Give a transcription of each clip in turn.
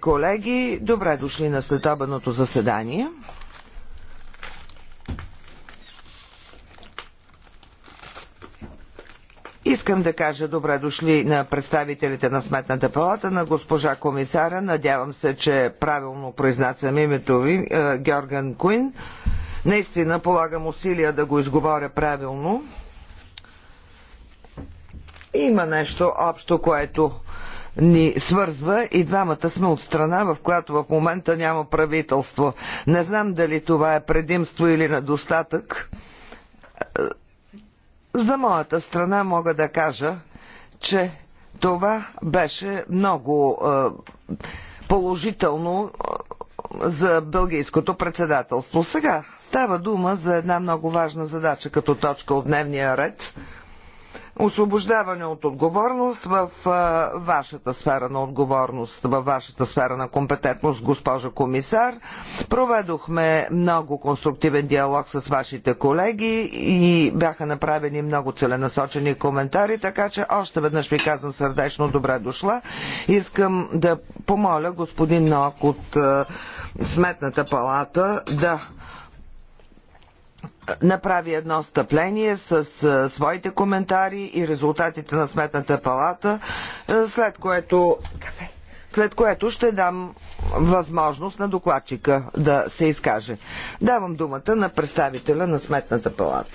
Колеги, добре дошли на следобедното заседание. Искам да кажа добре дошли на представителите на Сметната палата, на госпожа комисара. Надявам се, че правилно произнасям името ви, е, Георган Куин. Наистина полагам усилия да го изговоря правилно. Има нещо общо, което ни свързва и двамата сме от страна, в която в момента няма правителство. Не знам дали това е предимство или недостатък. За моята страна мога да кажа, че това беше много е, положително е, за бългийското председателство. Сега става дума за една много важна задача като точка от дневния ред – освобождаване от отговорност в а, вашата сфера на отговорност, във вашата сфера на компетентност, госпожа комисар. Проведохме много конструктивен диалог с вашите колеги и бяха направени много целенасочени коментари, така че още веднъж ви казвам сърдечно добре дошла. Искам да помоля господин Нок от а, Сметната палата да направи едно стъпление с своите коментари и резултатите на Сметната палата, след което след което ще дам възможност на докладчика да се изкаже. Давам думата на представителя на Сметната палата.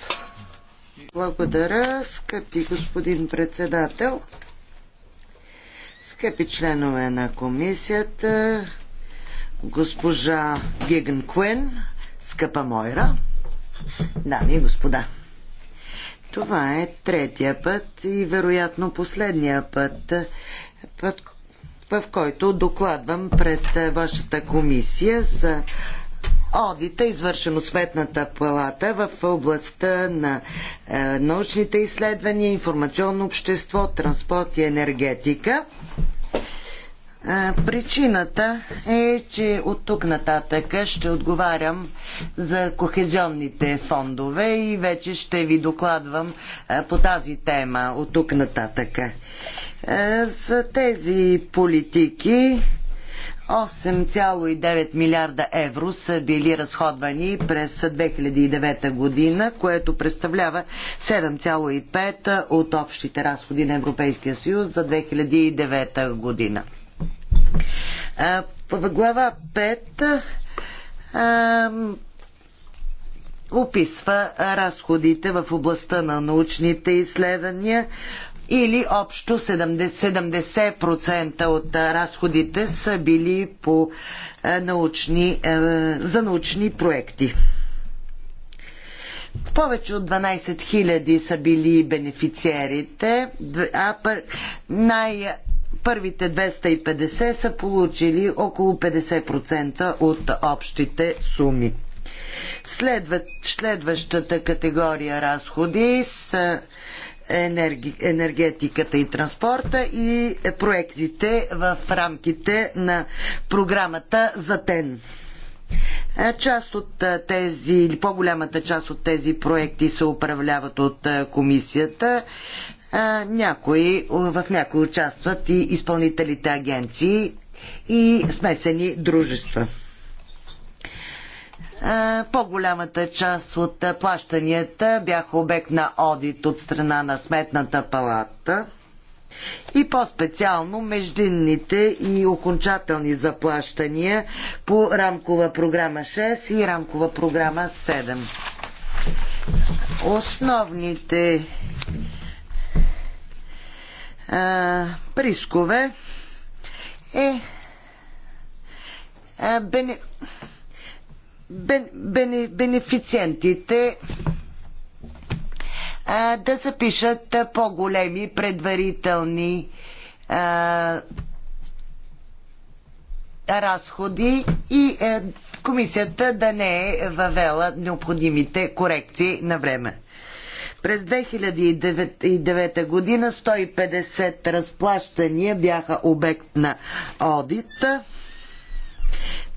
Благодаря, скъпи господин председател, скъпи членове на комисията, госпожа Гиген Куен, скъпа Мойра. Дами и господа, това е третия път и вероятно последния път, път в който докладвам пред вашата комисия за одита, извършен от Светната палата в областта на е, научните изследвания, информационно общество, транспорт и енергетика. Причината е, че от тук нататък ще отговарям за кохезионните фондове и вече ще ви докладвам по тази тема от тук нататък. За тези политики 8,9 милиарда евро са били разходвани през 2009 година, което представлява 7,5 от общите разходи на Европейския съюз за 2009 година. В глава 5 а, описва разходите в областта на научните изследвания или общо 70%, 70 от разходите са били по научни, за научни проекти. Повече от 12 000 са били бенефициерите, а най- Първите 250 са получили около 50% от общите суми. следващата категория разходи са енергетиката и транспорта и проектите в рамките на програмата за ТЕН. Част от тези или по-голямата част от тези проекти се управляват от комисията някои, в някои участват и изпълнителите агенции и смесени дружества. По-голямата част от плащанията бяха обект на одит от страна на Сметната палата и по-специално междинните и окончателни заплащания по рамкова програма 6 и рамкова програма 7. Основните а, рискове е а, бене, бен, бене, бенефициентите а, да запишат по-големи предварителни а, разходи и а, е, комисията да не е въвела необходимите корекции на време. През 2009 година 150 разплащания бяха обект на одит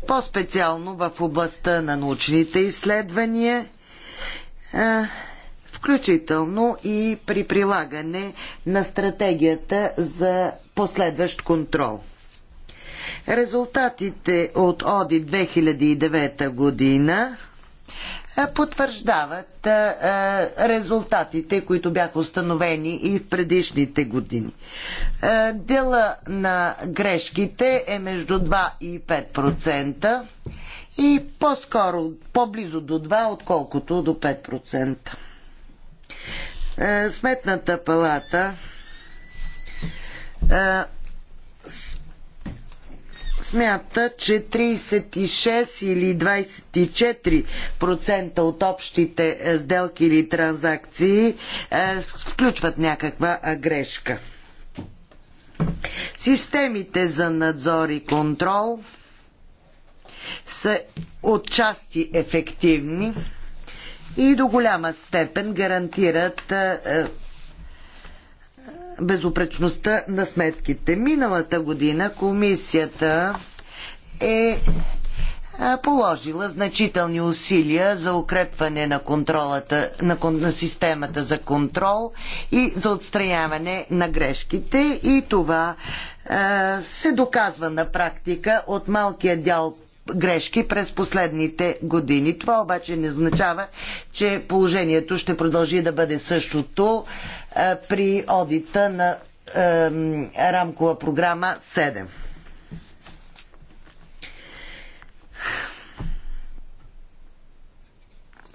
по-специално в областта на научните изследвания, включително и при прилагане на стратегията за последващ контрол. Резултатите от ОДИ 2009 година е, потвърждават е, е, резултатите, които бяха установени и в предишните години. Дела на грешките е между 2 и 5% и по-скоро, по-близо до 2, отколкото до 5%. Сметната палата смята, че 36 или 24% от общите е, сделки или транзакции е, включват някаква е, грешка. Системите за надзор и контрол са отчасти ефективни и до голяма степен гарантират безопречността на сметките. Миналата година комисията е положила значителни усилия за укрепване на, контролата, на, на системата за контрол и за отстраняване на грешките и това е, се доказва на практика от малкия дял грешки през последните години. Това обаче не означава, че положението ще продължи да бъде същото е, при одита на е, рамкова програма 7.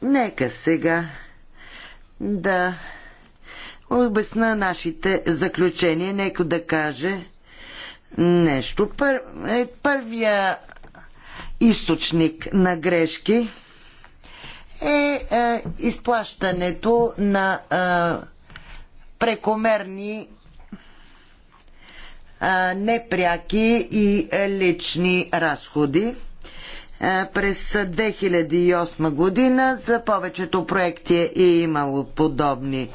Нека сега да обясна нашите заключения. Нека да каже нещо. Пър, е, първия източник на грешки е, е изплащането на е, прекомерни непряки и лични разходи. През 2008 година за повечето проекти е имало подобни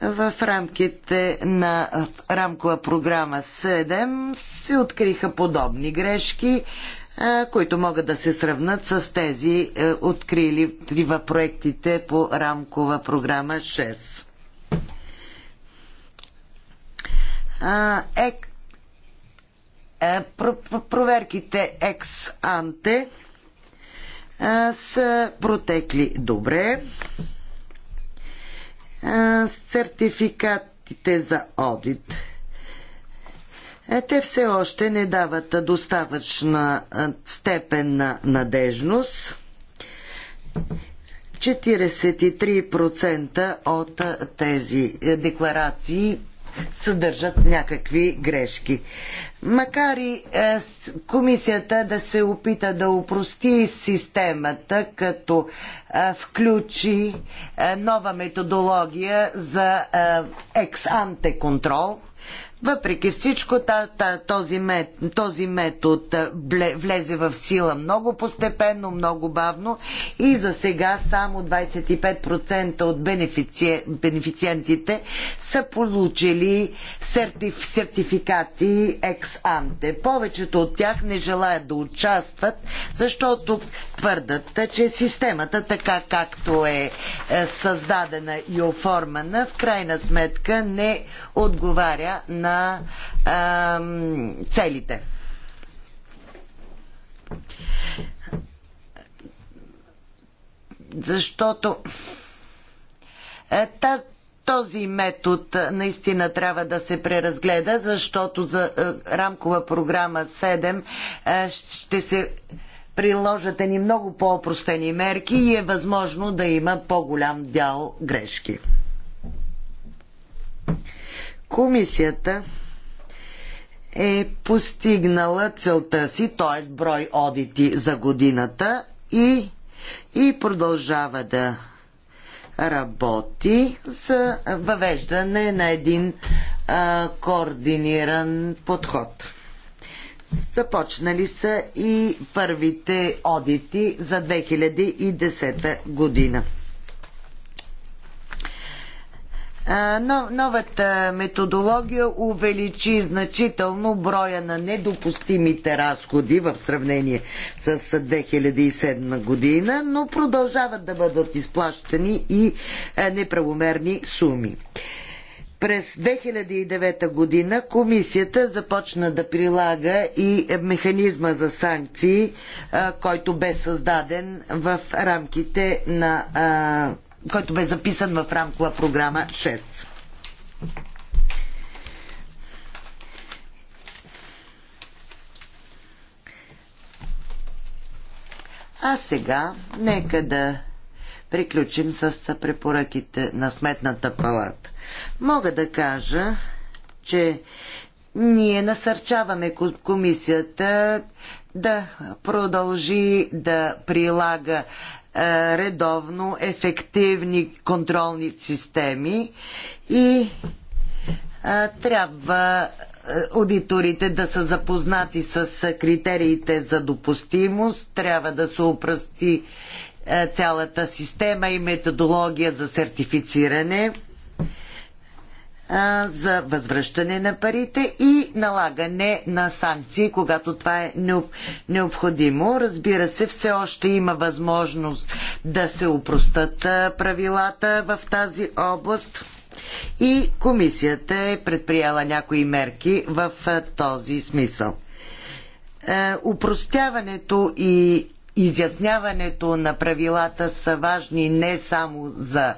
в рамките на рамкова програма 7 се откриха подобни грешки които могат да се сравнат с тези е, открили в проектите по рамкова програма 6. Е, проверките ex анте са протекли добре. Сертификатите за одит е, те все още не дават достатъчна степен на надежност. 43% от тези е, декларации съдържат някакви грешки. Макар и е, комисията да се опита да упрости системата, като е, включи е, нова методология за е, екс-анте контрол, въпреки всичко, този, този метод влезе в сила много постепенно, много бавно и за сега само 25% от бенефициентите са получили сертиф, сертификати ex-ante. Повечето от тях не желаят да участват, защото твърдат, че системата така както е, е създадена и оформена, в крайна сметка не отговаря на на целите. Защото е, та, този метод е, наистина трябва да се преразгледа, защото за е, рамкова програма 7 ще се приложат ни много по-опростени мерки и е възможно да има по-голям дял грешки. Комисията е постигнала целта си, т.е. брой одити за годината и, и продължава да работи за въвеждане на един а, координиран подход. Започнали са и първите одити за 2010 година. Новата методология увеличи значително броя на недопустимите разходи в сравнение с 2007 година, но продължават да бъдат изплащани и е, неправомерни суми. През 2009 година комисията започна да прилага и механизма за санкции, който бе създаден в рамките на който бе записан в рамкова програма 6. А сега нека да приключим с препоръките на Сметната палата. Мога да кажа, че ние насърчаваме комисията да продължи да прилага е, редовно ефективни контролни системи и е, трябва е, аудиторите да са запознати с критериите за допустимост, трябва да се опрости цялата система и методология за сертифициране за възвръщане на парите и налагане на санкции, когато това е необходимо. Разбира се, все още има възможност да се упростат правилата в тази област и комисията е предприела някои мерки в този смисъл. Упростяването и изясняването на правилата са важни не само за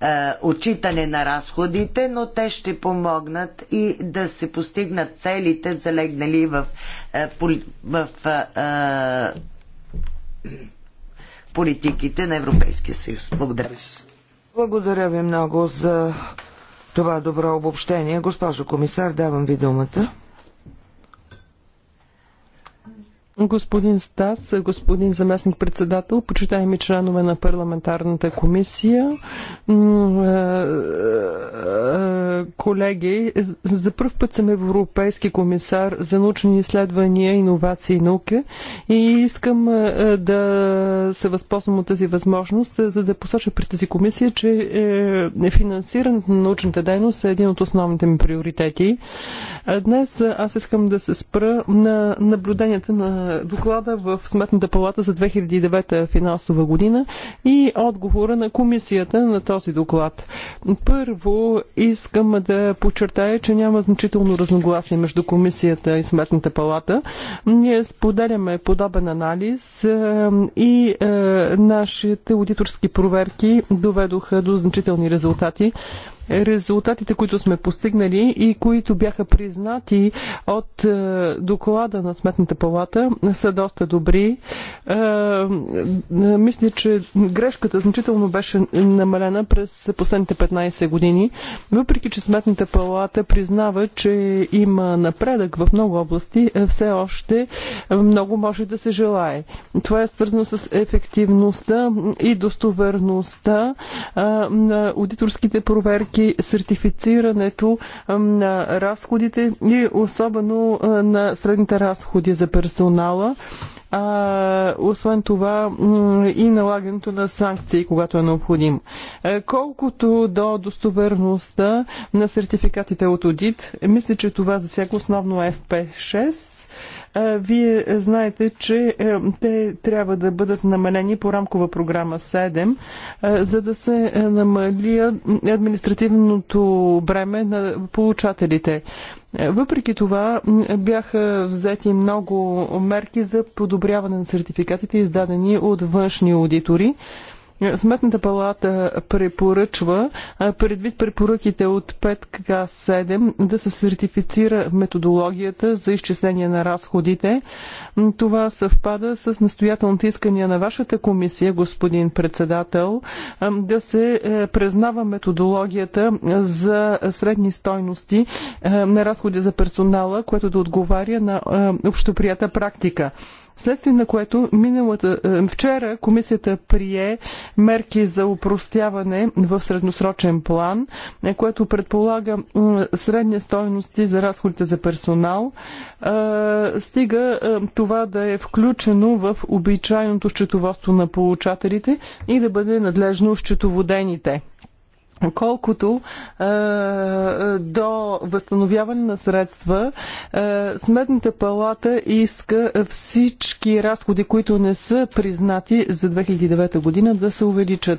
е, отчитане на разходите, но те ще помогнат и да се постигнат целите, залегнали в, е, в, в е, политиките на Европейския съюз. Благодаря. Благодаря ви много за това добро обобщение. Госпожо комисар, давам ви думата. Господин Стас, господин заместник председател, почитаеми членове на парламентарната комисия, колеги, за първ път съм европейски комисар за научни изследвания, иновации и науки и искам да се възползвам от тази възможност, за да посоча при тази комисия, че е, е, финансирането на научната дейност е един от основните ми приоритети. Днес аз искам да се спра на наблюденията на е, доклада в Сметната палата за 2009 финансова година и отговора на комисията на този доклад. Първо искам да подчертая, че няма значително разногласие между комисията и Сметната палата. Ние споделяме подобен анализ е, и е, нашите аудиторски проверки доведоха до значителни резултати резултатите, които сме постигнали и които бяха признати от е, доклада на Сметната палата, са доста добри. Е, е, мисля, че грешката значително беше намалена през последните 15 години, въпреки че Сметната палата признава, че има напредък в много области, все още много може да се желае. Това е свързано с ефективността и достоверността на аудиторските проверки въпреки сертифицирането на разходите и особено на средните разходи за персонала а, освен това и налагането на санкции, когато е необходимо. Е, колкото до достоверността на сертификатите от Одит, мисля, че това засяга основно FP6. Е, вие знаете, че е, те трябва да бъдат намалени по рамкова програма 7, за да се намали административното бреме на получателите. Въпреки това бяха взети много мерки за подобряване на сертификатите, издадени от външни аудитори. Сметната палата препоръчва, предвид препоръките от 5К7, да се сертифицира методологията за изчисление на разходите. Това съвпада с настоятелните искания на вашата комисия, господин председател, да се е, признава методологията за средни стойности е, на разходи за персонала, което да отговаря на е, общоприята практика. Следствие на което миналата, е, вчера комисията прие мерки за упростяване в средносрочен план, е, което предполага е, средни стоености за разходите за персонал. Стига това да е включено в обичайното счетоводство на получателите и да бъде надлежно счетоводените. Колкото е, до възстановяване на средства, е, Сметната палата иска всички разходи, които не са признати за 2009 година, да се увеличат.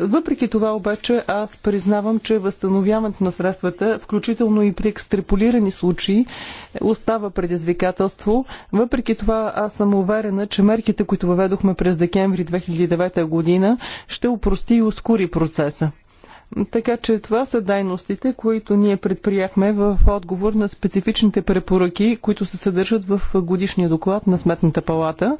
Въпреки това обаче аз признавам, че възстановяването на средствата, включително и при екстраполирани случаи, остава предизвикателство. Въпреки това аз съм уверена, че мерките, които въведохме през декември 2009 година, ще упрости и ускори процеса. Така че това са дайностите, които ние предприяхме в отговор на специфичните препоръки, които се съдържат в годишния доклад на Сметната палата.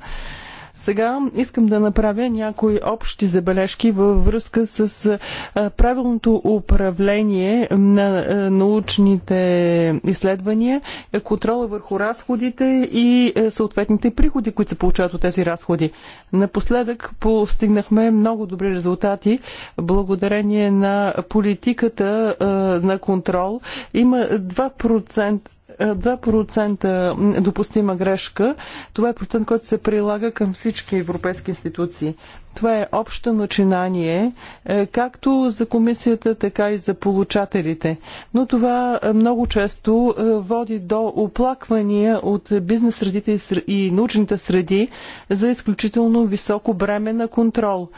Сега искам да направя някои общи забележки във връзка с правилното управление на научните изследвания, контрола върху разходите и съответните приходи, които се получават от тези разходи. Напоследък постигнахме много добри резултати благодарение на политиката на контрол. Има 2% 2% допустима грешка. Това е процент, който се прилага към всички европейски институции. Това е общо начинание, е, както за комисията, така и за получателите. Но това е, много често е, води до оплаквания от бизнес средите и научните среди за изключително високо бреме на контрол.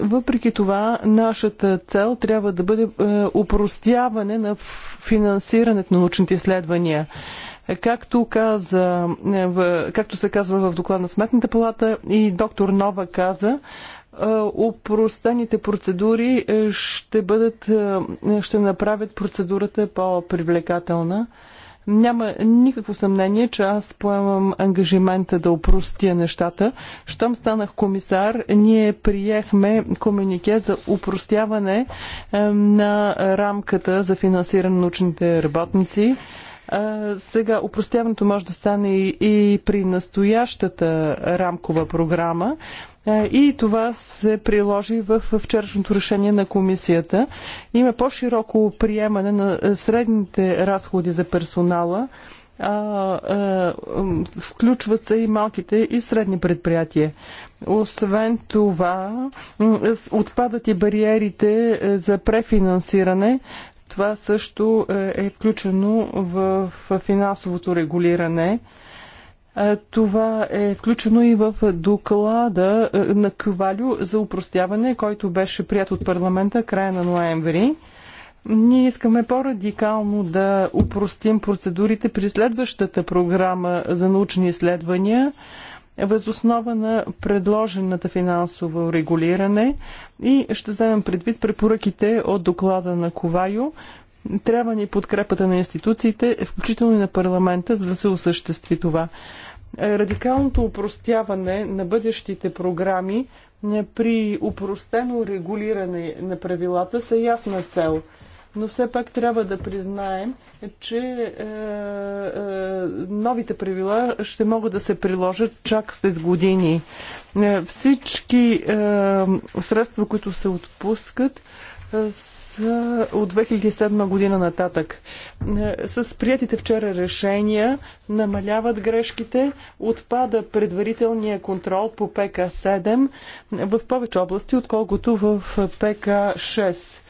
Въпреки това, нашата цел трябва да бъде упростяване на финансирането на научните изследвания. Е, както, каза, е, както се казва в доклад на Сметната палата и доктор Нова каза, е, упростените процедури ще, бъдат, ще направят процедурата по-привлекателна. Няма никакво съмнение, че аз поемам ангажимента да упростия нещата. Щом станах комисар, ние приехме комюнике за упростяване на рамката за финансиране на научните работници. Сега, упростяването може да стане и при настоящата рамкова програма. И това се приложи в вчерашното решение на комисията. Има по-широко приемане на средните разходи за персонала. А, а, включват се и малките и средни предприятия. Освен това, отпадат и бариерите е, за префинансиране, това също е, е включено в финансовото регулиране. Е, това е включено и в доклада е, на Кювалю за упростяване, който беше прият от парламента края на ноември. Ние искаме по-радикално да упростим процедурите при следващата програма за научни изследвания възоснова на предложената финансово регулиране и ще вземем предвид препоръките от доклада на Ковайо. Трябва ни подкрепата на институциите, включително и на парламента, за да се осъществи това. Радикалното упростяване на бъдещите програми е, при упростено регулиране на правилата са ясна цел – но все пак трябва да признаем, че е, е, новите правила ще могат да се приложат чак след години. Е, всички е, средства, които се отпускат, е, са от 2007 година нататък. Е, с приятите вчера решения намаляват грешките, отпада предварителния контрол по ПК-7 в повече области, отколкото в ПК-6.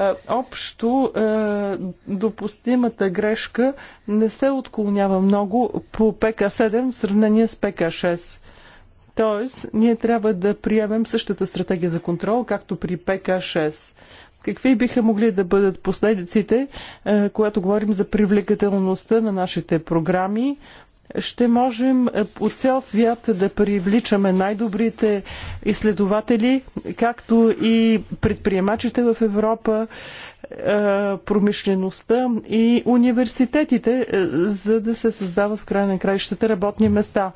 Е, общо е, допустимата грешка не се отклонява много по ПК-7 в сравнение с ПК-6. Тоест, ние трябва да приемем същата стратегия за контрол, както при ПК-6. Какви биха могли да бъдат последиците, е, когато говорим за привлекателността на нашите програми, ще можем е, от цял свят да привличаме най-добрите изследователи, както и предприемачите в Европа, е, промишлеността и университетите, е, за да се създават в края на краищата работни места.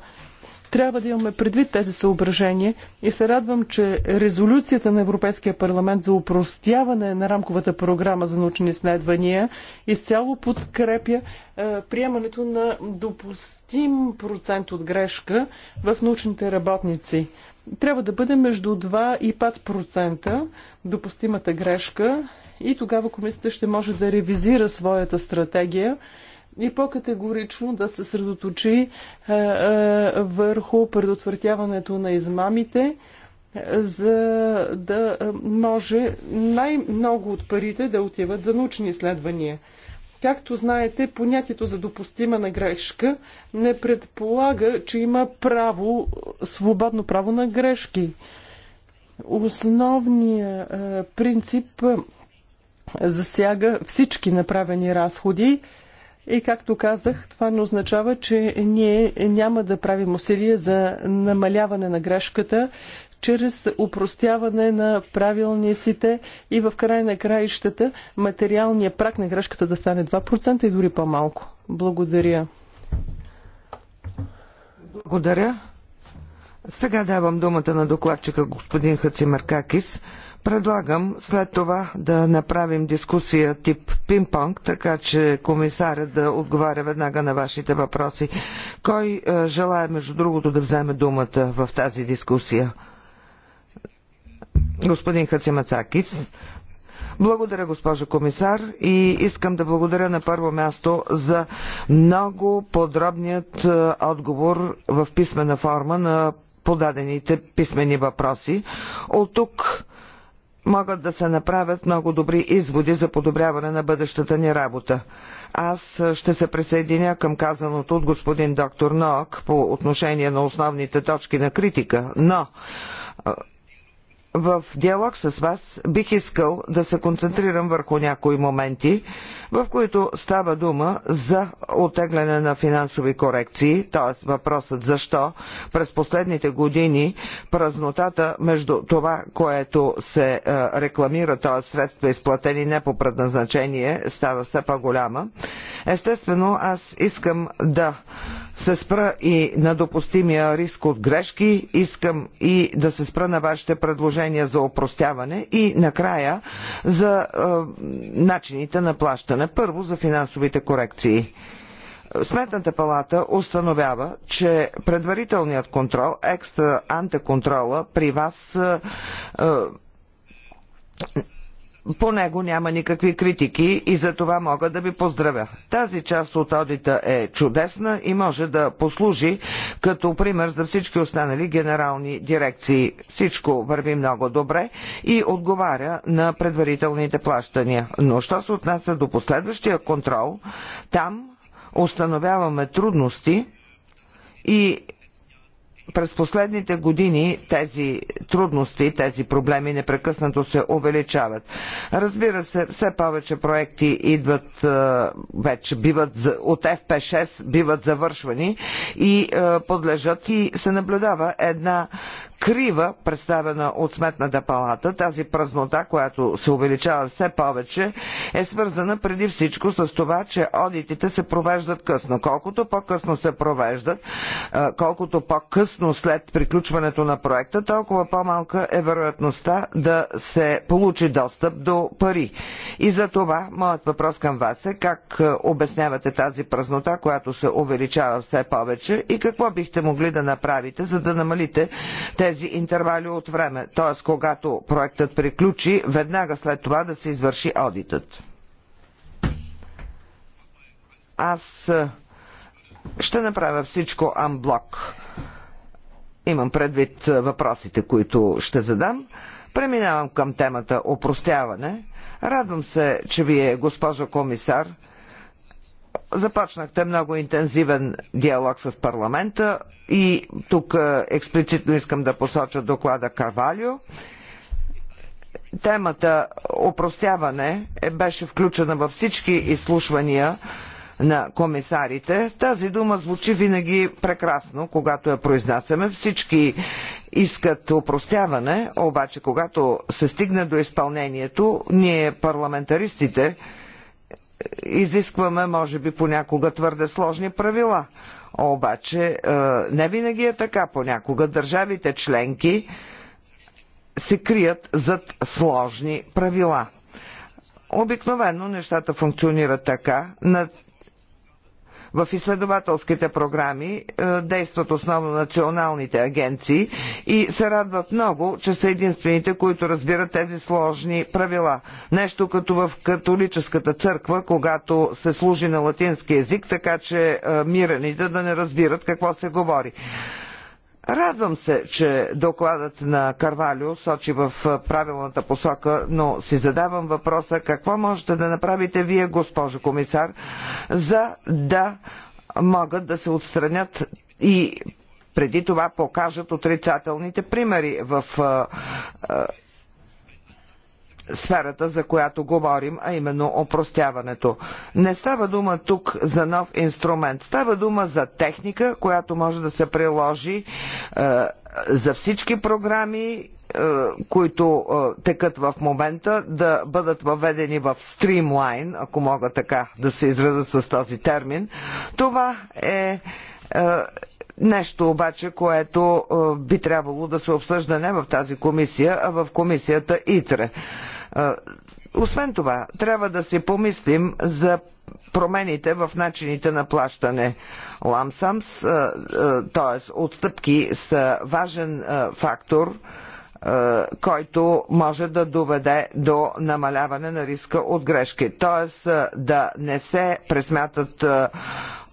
Трябва да имаме предвид тези съображения и се радвам, че резолюцията на Европейския парламент за упростяване на рамковата програма за научни изследвания изцяло подкрепя е, приемането на допустим процент от грешка в научните работници. Трябва да бъде между 2 и 5% допустимата грешка и тогава комисията ще може да ревизира своята стратегия и по-категорично да се средоточи е, е, върху предотвратяването на измамите, е, за да може най-много от парите да отиват за научни изследвания. Както знаете, понятието за допустима на грешка не предполага, че има право, свободно право на грешки. Основният принцип засяга всички направени разходи, и както казах, това не означава, че ние няма да правим усилия за намаляване на грешката, чрез упростяване на правилниците и в край на краищата материалния прак на грешката да стане 2% и дори по-малко. Благодаря. Благодаря. Сега давам думата на докладчика господин Хацимаркакис. Предлагам след това да направим дискусия тип пинг-понг, така че комисаря да отговаря веднага на вашите въпроси. Кой е, желая, между другото, да вземе думата в тази дискусия? Господин Хацимацакис. Благодаря, госпожо комисар, и искам да благодаря на първо място за много подробният е, отговор в писмена форма на подадените писмени въпроси. От тук могат да се направят много добри изводи за подобряване на бъдещата ни работа. Аз ще се присъединя към казаното от господин доктор Ноак по отношение на основните точки на критика, но в диалог с вас бих искал да се концентрирам върху някои моменти, в които става дума за отегляне на финансови корекции, т.е. въпросът защо през последните години празнотата между това, което се е, рекламира, т.е. средства изплатени не по предназначение, става все по-голяма. Естествено, аз искам да се спра и на допустимия риск от грешки, искам и да се спра на вашите предложения за опростяване и накрая за е, начините на плащане. Първо за финансовите корекции. Сметната палата установява, че предварителният контрол, екстра антеконтрола при вас е, по него няма никакви критики и за това мога да ви поздравя. Тази част от одита е чудесна и може да послужи като пример за всички останали генерални дирекции. Всичко върви много добре и отговаря на предварителните плащания. Но що се отнася до последващия контрол, там установяваме трудности и през последните години тези трудности, тези проблеми непрекъснато се увеличават. Разбира се, все повече проекти идват, вече биват от FP6, биват завършвани и подлежат и се наблюдава една крива, представена от Сметната палата, тази празнота, която се увеличава все повече, е свързана преди всичко с това, че одитите се провеждат късно. Колкото по-късно се провеждат, колкото по-късно след приключването на проекта, толкова по-малка е вероятността да се получи достъп до пари. И за това моят въпрос към вас е как обяснявате тази празнота, която се увеличава все повече и какво бихте могли да направите, за да намалите тези тези интервали от време, т.е. когато проектът приключи, веднага след това да се извърши одитът. Аз е, ще направя всичко амблок. Имам предвид е, въпросите, които ще задам. Преминавам към темата опростяване. Радвам се, че вие, госпожо комисар, Започнахте много интензивен диалог с парламента и тук е, експлицитно искам да посоча доклада Карвалио. Темата опростяване е, беше включена във всички изслушвания на комисарите. Тази дума звучи винаги прекрасно, когато я произнасяме. Всички искат опростяване, обаче когато се стигне до изпълнението, ние парламентаристите изискваме, може би, понякога твърде сложни правила. Обаче, е, не винаги е така. Понякога държавите членки се крият зад сложни правила. Обикновено нещата функционират така. На в изследователските програми е, действат основно националните агенции и се радват много, че са единствените, които разбират тези сложни правила. Нещо като в католическата църква, когато се служи на латински язик, така че е, мираните да не разбират какво се говори. Радвам се, че докладът на Карвалио сочи в правилната посока, но си задавам въпроса какво можете да направите вие, госпожо комисар, за да могат да се отстранят и преди това покажат отрицателните примери в сферата, за която говорим, а именно опростяването. Не става дума тук за нов инструмент, става дума за техника, която може да се приложи е, за всички програми, е, които е, текат в момента, да бъдат въведени в стримлайн, ако мога така да се изразят с този термин. Това е. е Нещо обаче, което е, би трябвало да се обсъжда не в тази комисия, а в комисията ИТРЕ. Освен това, трябва да си помислим за промените в начините на плащане. Ламсамс, т.е. отстъпки, са важен фактор, който може да доведе до намаляване на риска от грешки. Т.е. да не се пресмятат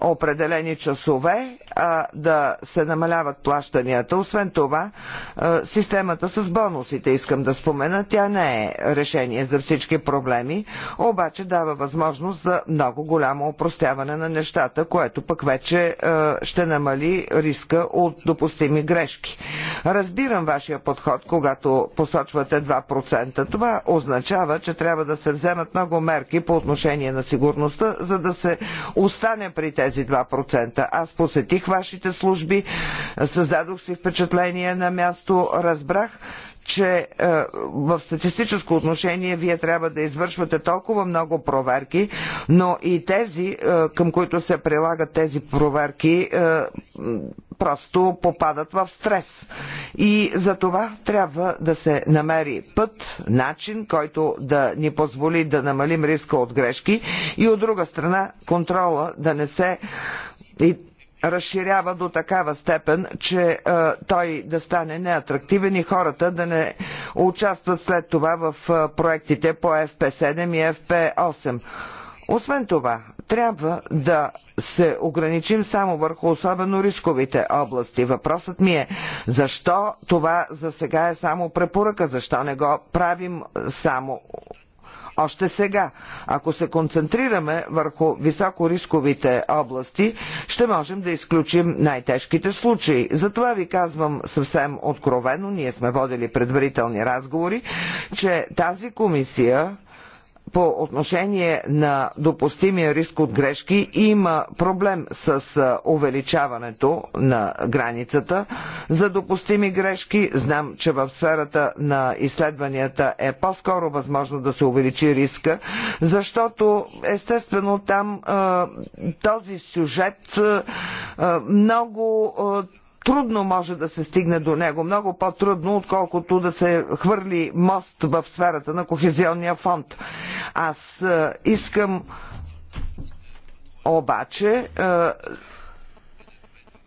определени часове, а да се намаляват плащанията. Освен това, системата с бонусите, искам да спомена, тя не е решение за всички проблеми, обаче дава възможност за много голямо опростяване на нещата, което пък вече ще намали риска от допустими грешки. Разбирам вашия подход, когато посочвате 2%. Това означава, че трябва да се вземат много мерки по отношение на сигурността, за да се остане при тези тези 2%. Аз посетих вашите служби, създадох си впечатление на място, разбрах, че е, в статистическо отношение вие трябва да извършвате толкова много проверки, но и тези, е, към които се прилагат тези проверки, е, просто попадат в стрес. И за това трябва да се намери път, начин, който да ни позволи да намалим риска от грешки и от друга страна контрола да не се и разширява до такава степен, че а, е, той да стане неатрактивен и хората да не участват след това в а, е, проектите по FP7 и FP8. Освен това, трябва да се ограничим само върху особено рисковите области. Въпросът ми е, защо това за сега е само препоръка? Защо не го правим само още сега. Ако се концентрираме върху високорисковите области, ще можем да изключим най-тежките случаи. Затова ви казвам съвсем откровено, ние сме водили предварителни разговори, че тази комисия по отношение на допустимия риск от грешки има проблем с увеличаването на границата за допустими грешки. Знам, че в сферата на изследванията е по-скоро възможно да се увеличи риска, защото естествено там този сюжет много трудно може да се стигне до него, много по-трудно, отколкото да се хвърли мост в сферата на Кохезионния фонд. Аз е, искам обаче е,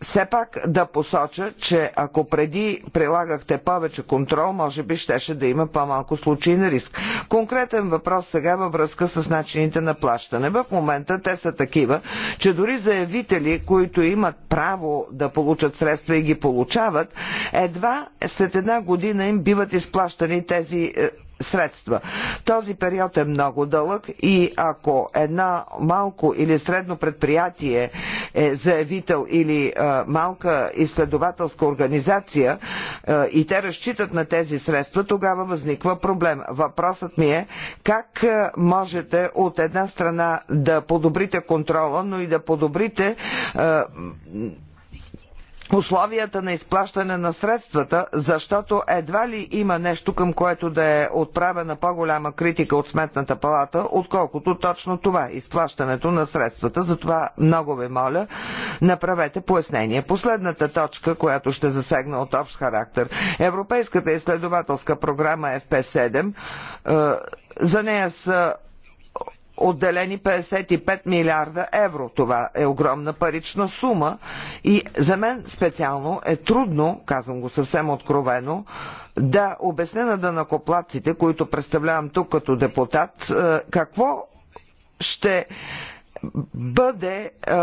все пак да посоча, че ако преди прилагахте повече контрол, може би щеше да има по-малко случаи на риск. Конкретен въпрос сега е във връзка с начините на плащане. В момента те са такива, че дори заявители, които имат право да получат средства и ги получават, едва след една година им биват изплащани тези е, средства. Този период е много дълъг и ако една малко или средно предприятие е заявител или малка изследователска организация и те разчитат на тези средства, тогава възниква проблем. Въпросът ми е как можете от една страна да подобрите контрола, но и да подобрите условията на изплащане на средствата, защото едва ли има нещо, към което да е отправена по-голяма критика от Сметната палата, отколкото точно това изплащането на средствата. Затова много ви моля, направете пояснение. Последната точка, която ще засегна от общ характер. Европейската изследователска програма FP7 е, за нея са отделени 55 милиарда евро. Това е огромна парична сума и за мен специално е трудно, казвам го съвсем откровено, да обясня на данакоплаците, които представлявам тук като депутат, е, какво ще бъде е,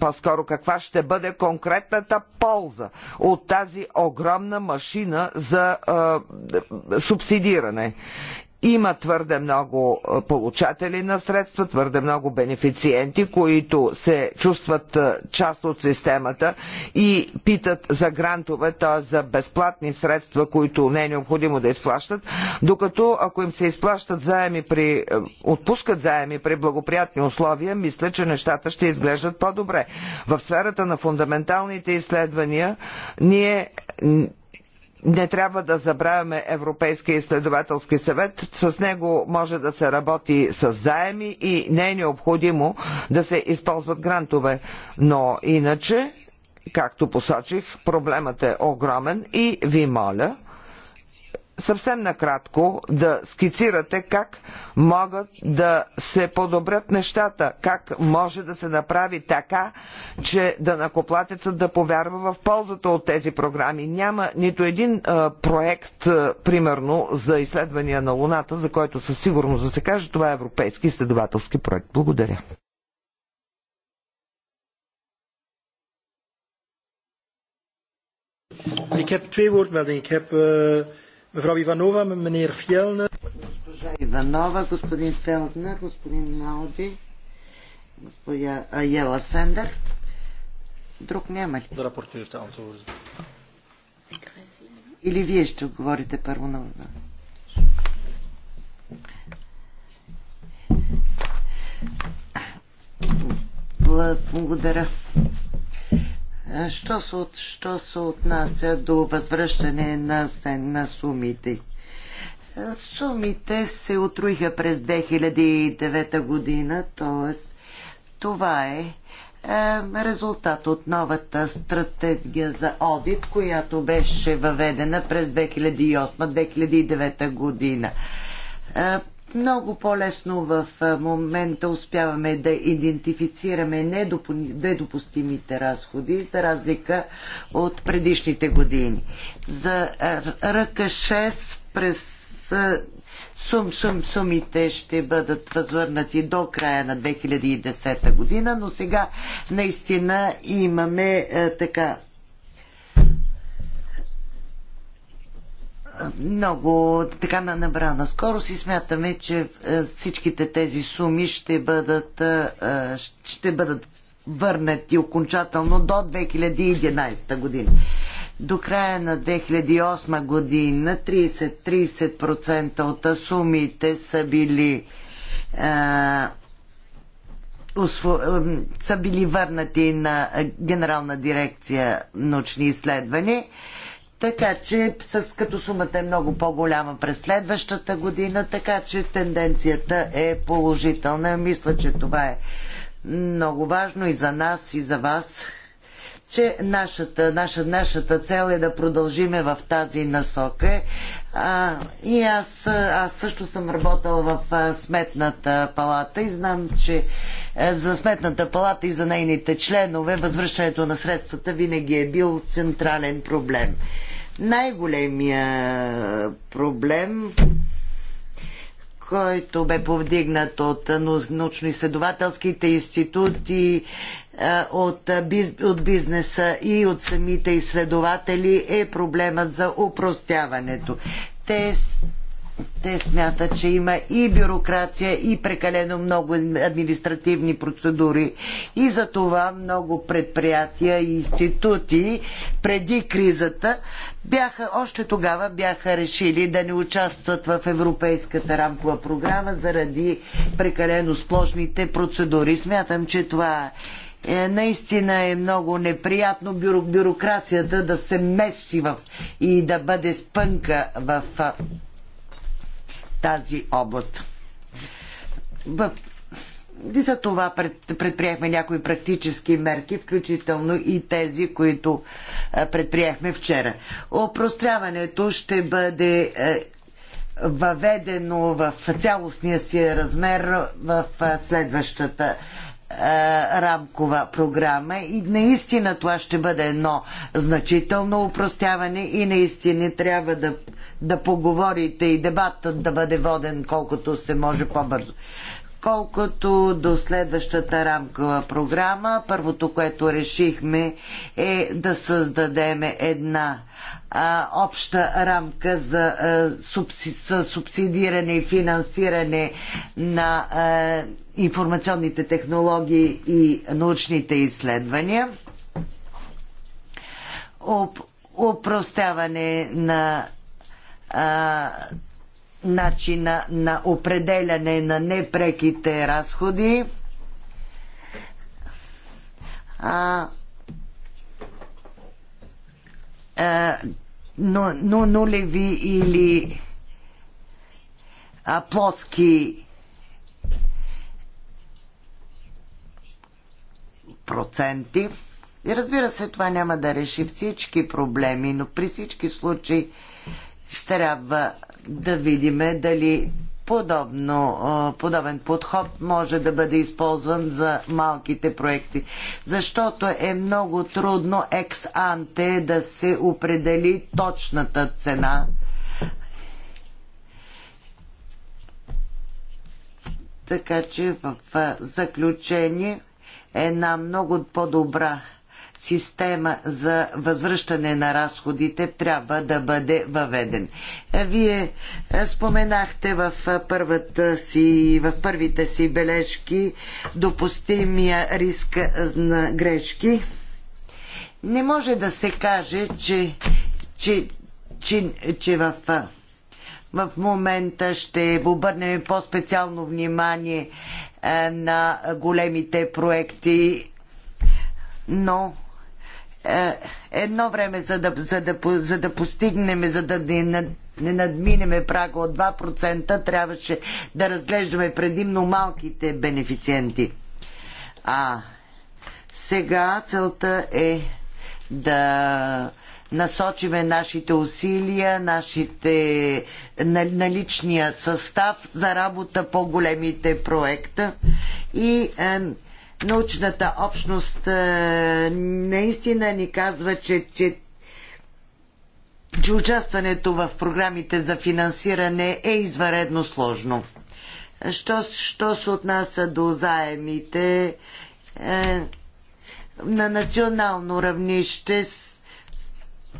по-скоро каква ще бъде конкретната полза от тази огромна машина за е, субсидиране. Има твърде много получатели на средства, твърде много бенефициенти, които се чувстват част от системата и питат за грантове, т.е. за безплатни средства, които не е необходимо да изплащат, докато ако им се изплащат заеми при, отпускат заеми при благоприятни условия, мисля, че нещата ще изглеждат по-добре. В сферата на фундаменталните изследвания ние не трябва да забравяме Европейския изследователски съвет. С него може да се работи с заеми и не е необходимо да се използват грантове. Но иначе, както посочих, проблемът е огромен и ви моля съвсем накратко да скицирате как могат да се подобрят нещата, как може да се направи така, че да накоплатецът да повярва в ползата от тези програми. Няма нито един а, проект, а, примерно, за изследвания на Луната, за който със сигурност да се каже, това е европейски изследователски проект. Благодаря. Ik heb twee woordmeldingen. Ik heb uh, Госпожа Иванова, господин Фелднер, господин Мауди, госпожа Ела Сендер. Друг няма ли? Да рапортирате Или вие ще отговорите първо на въпроса? Благодаря. Е, що се, от, що се отнася до възвръщане на, на сумите? Е, сумите се отруиха през 2009 година, т.е. това е, е резултат от новата стратегия за одит, която беше въведена през 2008-2009 година много по-лесно в момента успяваме да идентифицираме недопустимите разходи, за разлика от предишните години. За ръка 6 през сум, сум, сумите ще бъдат възвърнати до края на 2010 година, но сега наистина имаме така много така на набрана скорост и смятаме, че е, всичките тези суми ще бъдат, е, ще бъдат върнати окончателно до 2011 година. До края на 2008 година 30-30% от сумите са били е, са били върнати на Генерална дирекция научни изследвания така че, с, като сумата е много по-голяма през следващата година, така че тенденцията е положителна. Мисля, че това е много важно и за нас, и за вас че нашата, наша, нашата цел е да продължиме в тази насока. А, и аз, аз също съм работил в а, Сметната палата и знам, че а, е, за Сметната палата и за нейните членове възвръщането на средствата винаги е бил централен проблем. Най-големия проблем който бе повдигнат от научно-изследователските институти, е, от, от бизнеса и от самите изследователи е проблема за упростяването. Те те смятат, че има и бюрокрация, и прекалено много административни процедури. И за това много предприятия и институти преди кризата бяха, още тогава бяха решили да не участват в Европейската рамкова програма заради прекалено сложните процедури. Смятам, че това е, наистина е много неприятно бюрокрацията да се меси в и да бъде спънка в тази област. В и за това предприехме някои практически мерки, включително и тези, които предприехме вчера. Опростряването ще бъде въведено в цялостния си размер в следващата рамкова програма и наистина това ще бъде едно значително упростяване и наистина трябва да да поговорите и дебатът да бъде воден колкото се може по-бързо. Колкото до следващата рамкова програма, първото, което решихме е да създадем една а, обща рамка за а, субсидиране и финансиране на а, информационните технологии и научните изследвания. Об, упростяване на а, начина на определяне на непреките разходи. А, но, но нулеви или а, плоски проценти. И разбира се, това няма да реши всички проблеми, но при всички случаи трябва да видиме дали подобно, подобен подход може да бъде използван за малките проекти. Защото е много трудно екс-анте да се определи точната цена. Така че в заключение една много по-добра система за възвръщане на разходите трябва да бъде въведен. Вие е, споменахте в, първата си, в първите си бележки допустимия риск на грешки. Не може да се каже, че, че, че, че в в момента ще обърнем по-специално внимание е, на големите проекти, но е, едно време, за да, за да, за да постигнем, за да не, не надминеме прага от 2%, трябваше да разглеждаме предимно малките бенефициенти. А сега целта е да насочиме нашите усилия, нашите наличния състав за работа по големите проекта и е, научната общност е, наистина ни казва, че, че, че участването в програмите за финансиране е изваредно сложно. Що, що се отнася до заемите, е, на национално равнище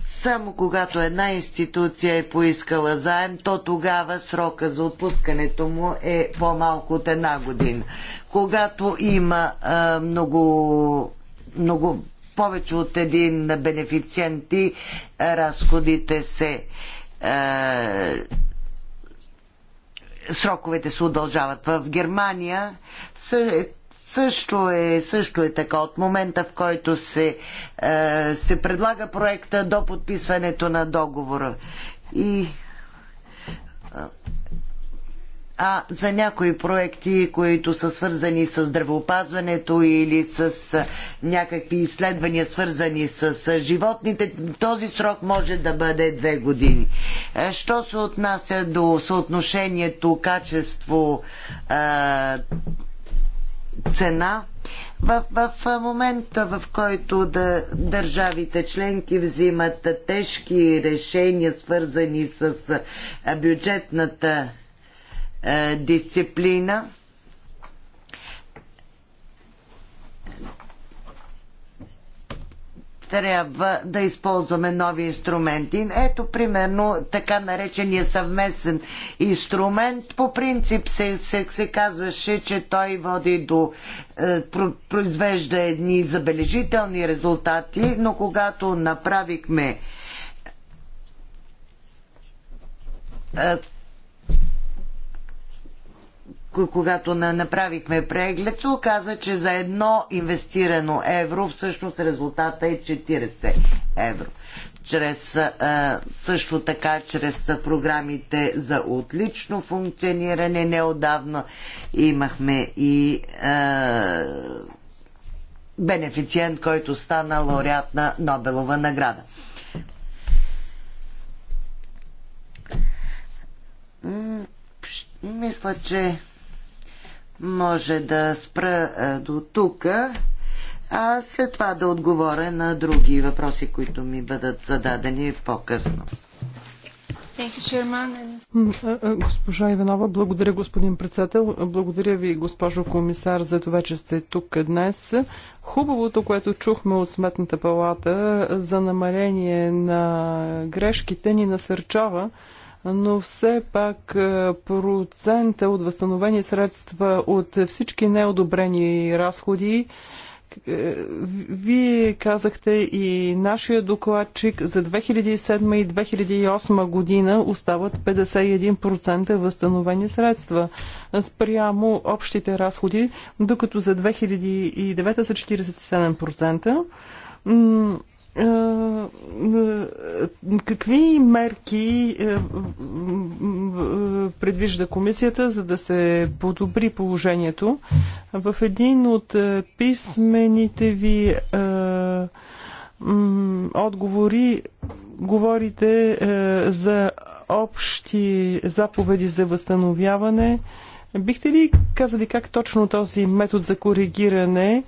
само когато една институция е поискала заем, то тогава срока за отпускането му е по-малко от една година. Когато има а, много, много повече от един бенефициент и разходите се а, сроковете се удължават. В Германия също е, също е така. От момента, в който се, е, се предлага проекта до подписването на договора. И е, а за някои проекти, които са свързани с здравеопазването или с е, някакви изследвания, свързани с е, животните, този срок може да бъде две години. Що се отнася до съотношението качество цена в, в момента, в който да, държавите членки взимат тежки решения, свързани с бюджетната е, дисциплина, трябва да използваме нови инструменти. Ето, примерно, така наречения съвместен инструмент. По принцип се, се, се казваше, че той води до е, произвежда едни забележителни резултати, но когато направихме е, когато направихме преглед, се оказа, че за едно инвестирано евро всъщност резултата е 40 евро. Чрез, също така, чрез програмите за отлично функциониране, неодавна имахме и е, бенефициент, който стана лауреат на Нобелова награда. Мисля, че може да спра до тук, а след това да отговоря на други въпроси, които ми бъдат зададени по-късно. Госпожа Иванова, благодаря господин председател. Благодаря ви, госпожо комисар, за това, че сте тук днес. Хубавото, което чухме от Сметната палата за намаление на грешките, ни насърчава но все пак е, процента от възстановени средства от всички неодобрени разходи е, вие казахте и нашия докладчик за 2007 и 2008 година остават 51% възстановени средства спрямо общите разходи, докато за 2009 са 47%. Какви мерки е, предвижда комисията, за да се подобри положението? В един от е, писмените ви е, отговори говорите за общи заповеди за възстановяване, Бихте ли казали как точно този метод за коригиране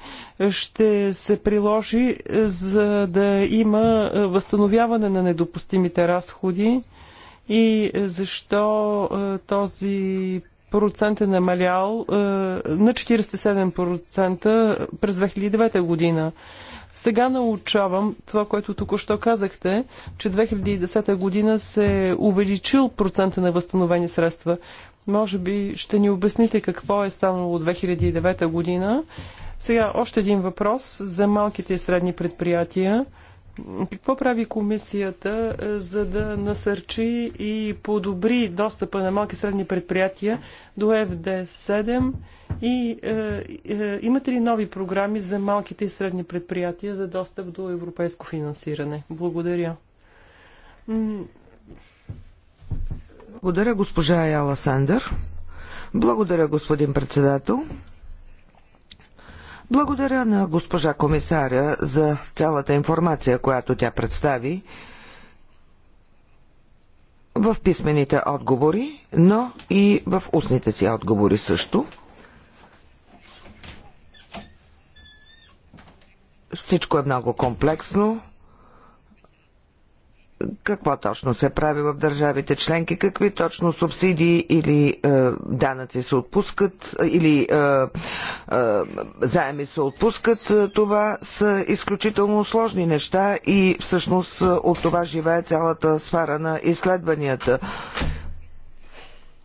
ще се приложи, за да има е, възстановяване на недопустимите разходи и защо е, този процент е намалял е, на 47% през 2009 година? Сега научавам това, което току-що казахте, че 2010 година се е увеличил процента на възстановени средства. Може би ще ни обясните какво е станало от 2009 година. Сега още един въпрос за малките и средни предприятия. Какво прави комисията, е, за да насърчи и подобри достъпа на малки и средни предприятия до FD7? И е, е, имате ли нови програми за малките и средни предприятия за достъп до европейско финансиране? Благодаря. Благодаря, госпожа Яла Сандър. Благодаря, господин председател. Благодаря на госпожа комисаря за цялата информация, която тя представи в писмените отговори, но и в устните си отговори също. Всичко е много комплексно какво точно се прави в държавите членки, какви точно субсидии или е, данъци се отпускат или е, е, заеми се отпускат. Това са изключително сложни неща и всъщност е, от това живее цялата сфера на изследванията.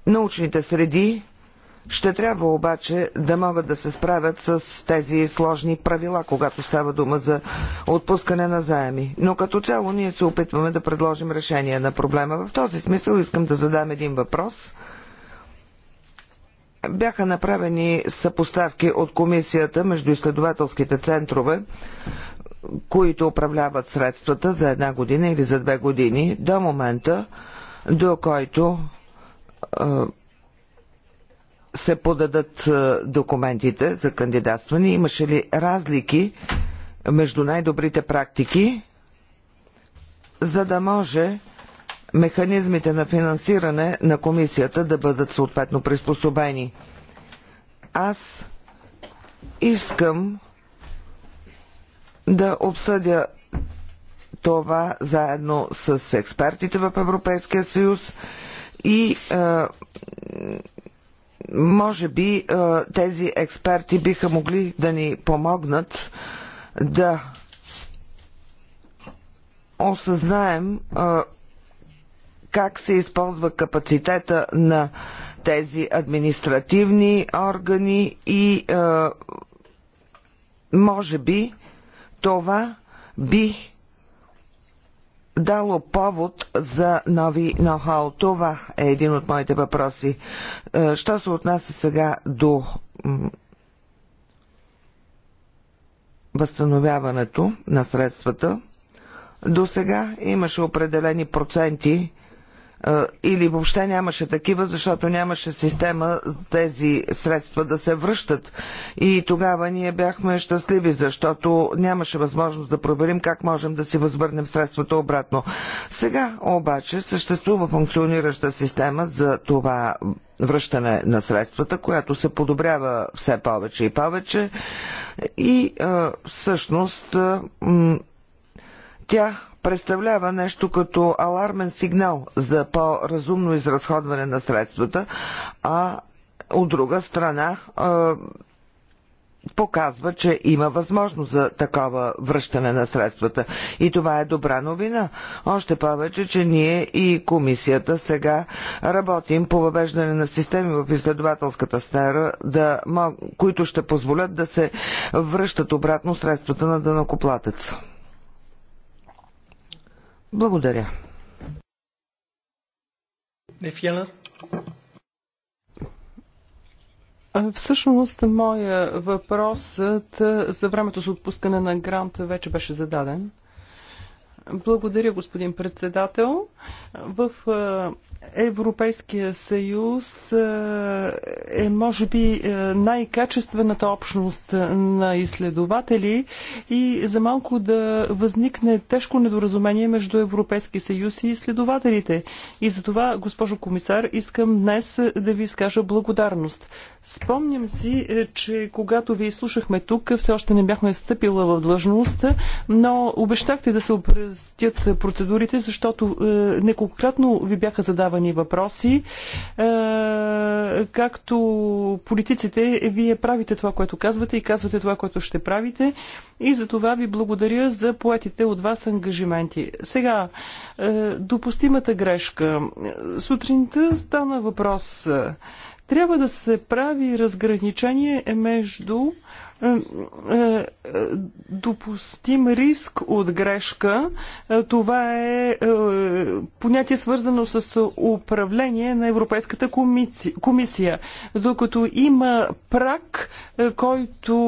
Научните среди ще трябва обаче да могат да се справят с тези сложни правила, когато става дума за отпускане на заеми. Но като цяло ние се опитваме да предложим решение на проблема. В този смисъл искам да задам един въпрос бяха направени съпоставки от комисията между изследователските центрове, които управляват средствата за една година или за две години, до момента, до който е, се подадат е, документите за кандидатстване? Имаше ли разлики между най-добрите практики, за да може механизмите на финансиране на комисията да бъдат съответно приспособени? Аз искам да обсъдя това заедно с експертите в Европейския съюз и е, може би е, тези експерти биха могли да ни помогнат да осъзнаем е, как се използва капацитета на тези административни органи и е, може би това би дало повод за нови ноу-хау? Това е един от моите въпроси. Е, що се отнася сега до възстановяването на средствата? До сега имаше определени проценти, или въобще нямаше такива, защото нямаше система тези средства да се връщат. И тогава ние бяхме щастливи, защото нямаше възможност да проверим как можем да си възвърнем средствата обратно. Сега обаче съществува функционираща система за това връщане на средствата, която се подобрява все повече и повече. И всъщност тя представлява нещо като алармен сигнал за по-разумно изразходване на средствата, а от друга страна показва, че има възможност за такова връщане на средствата. И това е добра новина. Още повече, че ние и комисията сега работим по въвеждане на системи в изследователската сфера, да, които ще позволят да се връщат обратно средствата на дънакоплатеца. Благодаря. Нефяна? Всъщност, моя въпросът за времето за отпускане на грант вече беше зададен. Благодаря, господин председател. В Европейския съюз е, е може би, е, най-качествената общност на изследователи и за малко да възникне тежко недоразумение между Европейския съюз и изследователите. И за това, госпожо комисар, искам днес да ви изкажа благодарност. Спомням си, е, че когато ви изслушахме тук, все още не бяхме встъпила в длъжност, но обещахте да се обръстят процедурите, защото неколкократно ви бяха задавани задавани въпроси. Е, както политиците, вие правите това, което казвате и казвате това, което ще правите. И за това ви благодаря за поетите от вас ангажименти. Сега, е, допустимата грешка. Сутринта стана въпрос. Трябва да се прави разграничение между е, е, допустим риск от грешка. Е, това е понятие свързано с управление на Европейската комисия. Докато има прак, който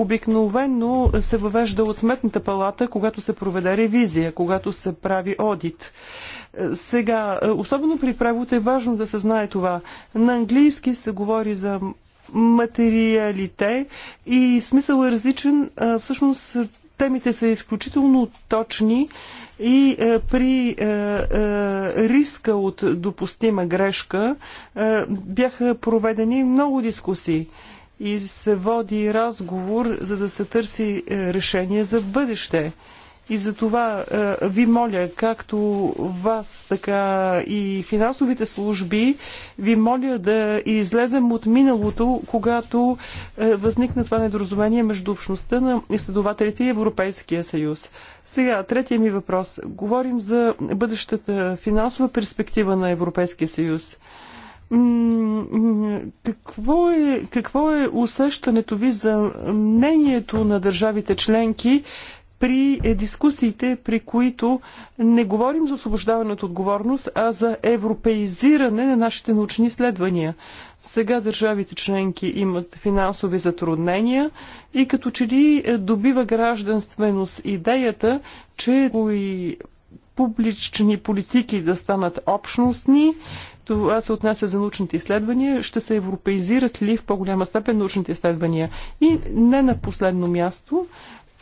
обикновено се въвежда от Сметната палата, когато се проведе ревизия, когато се прави одит. Сега, особено при правото е важно да се знае това. На английски се говори за материалите и смисъл е различен. Всъщност темите са изключително точни и при риска от допустима грешка бяха проведени много дискусии и се води разговор, за да се търси решение за бъдеще. И за това е, ви моля, както вас, така и финансовите служби, ви моля да излезем от миналото, когато е, възникна това недоразумение между общността на изследователите и Европейския съюз. Сега, третия ми въпрос. Говорим за бъдещата финансова перспектива на Европейския съюз какво е, какво е усещането ви за мнението на държавите членки при е, дискусиите, при които не говорим за освобождаване от отговорност, а за европеизиране на нашите научни изследвания. Сега държавите членки имат финансови затруднения и като че ли е, добива гражданственост идеята, че и публични политики да станат общностни, това се отнася за научните изследвания, ще се европеизират ли в по-голяма степен научните изследвания? И не на последно място,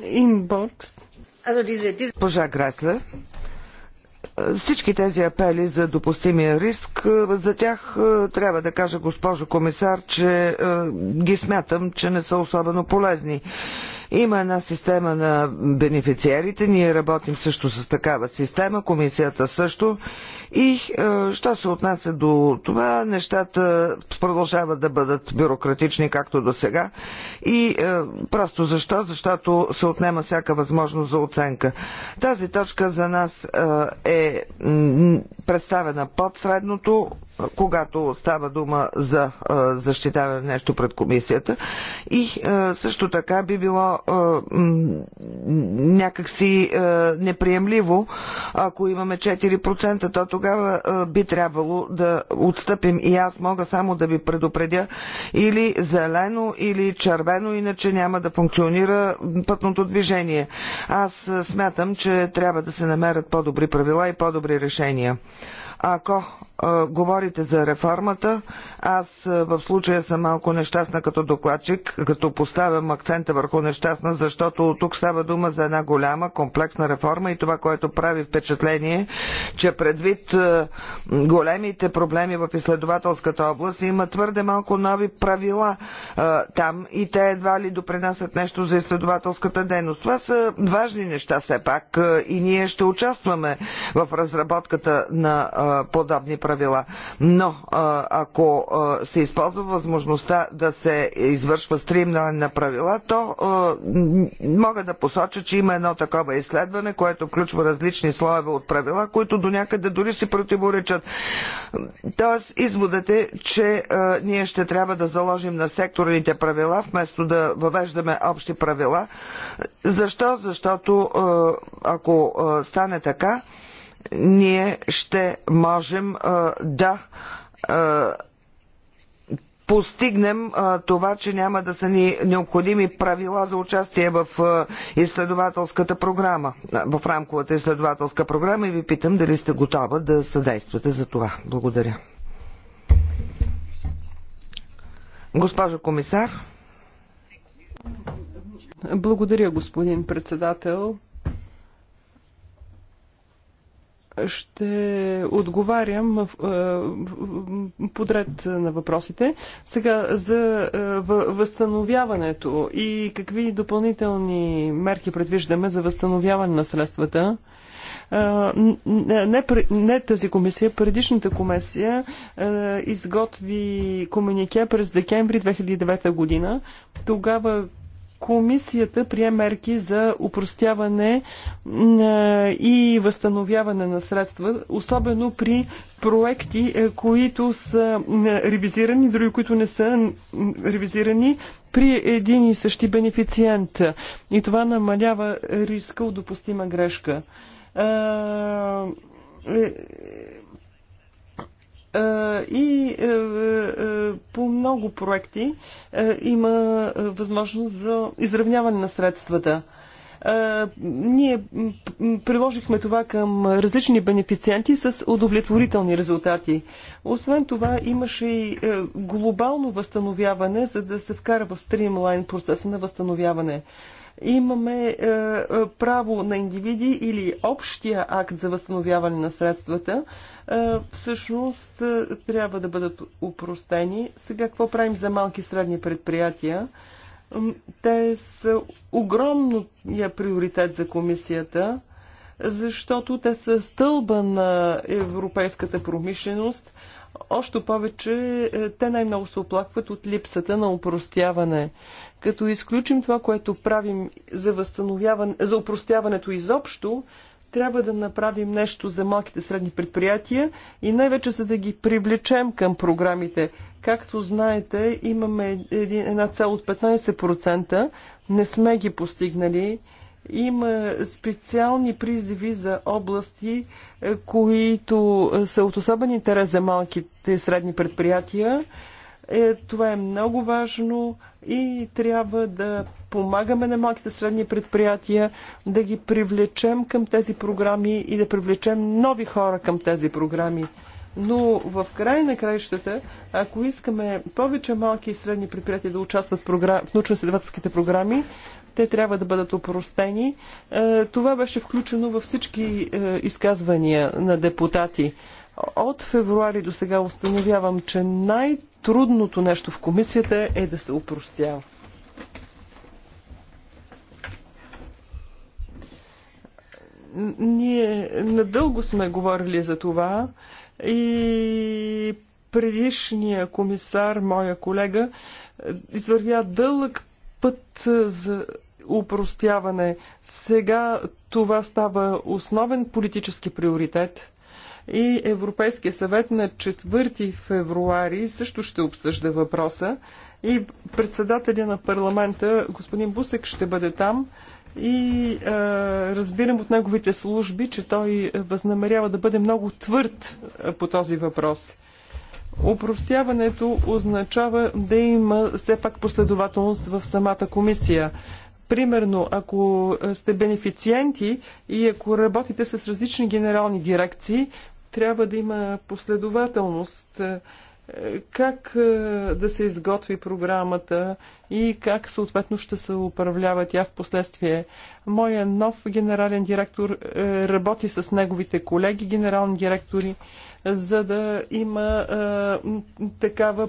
инбокс. Пожа Граслер. Всички тези апели за допустимия риск, за тях е, трябва да кажа, госпожо комисар, че е, ги смятам, че не са особено полезни. Има една система на бенефициерите, ние работим също с такава система, комисията също. И е, що се отнася до това, нещата продължават да бъдат бюрократични, както до сега. И е, просто защо? Защото се отнема всяка възможност за оценка. Тази точка за нас е представена под средното когато става дума за защитаване на нещо пред комисията. И също така би било някакси неприемливо, ако имаме 4%, то тогава би трябвало да отстъпим. И аз мога само да ви предупредя или зелено, или червено, иначе няма да функционира пътното движение. Аз смятам, че трябва да се намерят по-добри правила и по-добри решения. Ако а, говорите за реформата, аз а, в случая съм малко нещастна като докладчик, като поставям акцента върху нещастна, защото тук става дума за една голяма комплексна реформа и това, което прави впечатление, че предвид а, големите проблеми в изследователската област има твърде малко нови правила а, там и те едва ли допринасят нещо за изследователската дейност. Това са важни неща все пак а, и ние ще участваме в разработката на а, подобни правила. Но ако се използва възможността да се извършва стримляне на правила, то мога да посоча, че има едно такова изследване, което включва различни слоеве от правила, които до някъде дори си противоречат. Тоест, изводът е, че ние ще трябва да заложим на секторните правила, вместо да въвеждаме общи правила. Защо? Защото ако стане така, ние ще можем да постигнем а, това, че няма да са ни необходими правила за участие в а, изследователската програма, в рамковата изследователска програма и ви питам дали сте готова да съдействате за това. Благодаря. Госпожо комисар. Благодаря, господин председател. Ще отговарям подред на въпросите. Сега за възстановяването и какви допълнителни мерки предвиждаме за възстановяване на средствата не, не тази комисия, предишната комисия изготви комунике през декември 2009 година. Тогава Комисията прие мерки за упростяване и възстановяване на средства, особено при проекти, е, които са ревизирани, други, които не са ревизирани при един и същи бенефициент. И това намалява риска от допустима грешка е, е, и е, е, по много проекти има възможност за изравняване на средствата ние приложихме това към различни бенефициенти с удовлетворителни резултати. Освен това, имаше и глобално възстановяване, за да се вкара в стримлайн процеса на възстановяване. Имаме е, е, право на индивиди или общия акт за възстановяване на средствата. Е, всъщност е, трябва да бъдат упростени. Сега какво правим за малки и средни предприятия? Те са огромния приоритет за комисията, защото те са стълба на европейската промишленост – още повече е, те най-много се оплакват от липсата на упростяване. Като изключим това, което правим за, възстановяване, за упростяването изобщо, трябва да направим нещо за малките средни предприятия и най-вече за да ги привлечем към програмите. Както знаете, имаме една цел от 15%. Не сме ги постигнали. Има специални призиви за области, е, които са от особен интерес за малките и средни предприятия. Е, това е много важно и трябва да помагаме на малките средни предприятия, да ги привлечем към тези програми и да привлечем нови хора към тези програми. Но в край на краищата, ако искаме повече малки и средни предприятия да участват в, в научно-следователските програми, те трябва да бъдат опростени. Е, това беше включено във всички е, изказвания на депутати. От февруари до сега установявам, че най-трудното нещо в комисията е да се опростява. Ние надълго сме говорили за това и предишния комисар, моя колега, извървя дълъг път за упростяване. Сега това става основен политически приоритет и Европейския съвет на 4 февруари също ще обсъжда въпроса и председателя на парламента, господин Бусек, ще бъде там и а, е, разбирам от неговите служби, че той възнамерява да бъде много твърд е, по този въпрос. Опростяването означава да има все пак последователност в самата комисия. Примерно, ако сте бенефициенти и ако работите с различни генерални дирекции, трябва да има последователност е, как е, да се изготви програмата и как съответно ще се управлява тя в последствие. Моя нов генерален директор е, работи с неговите колеги, генерални директори, за да има такава,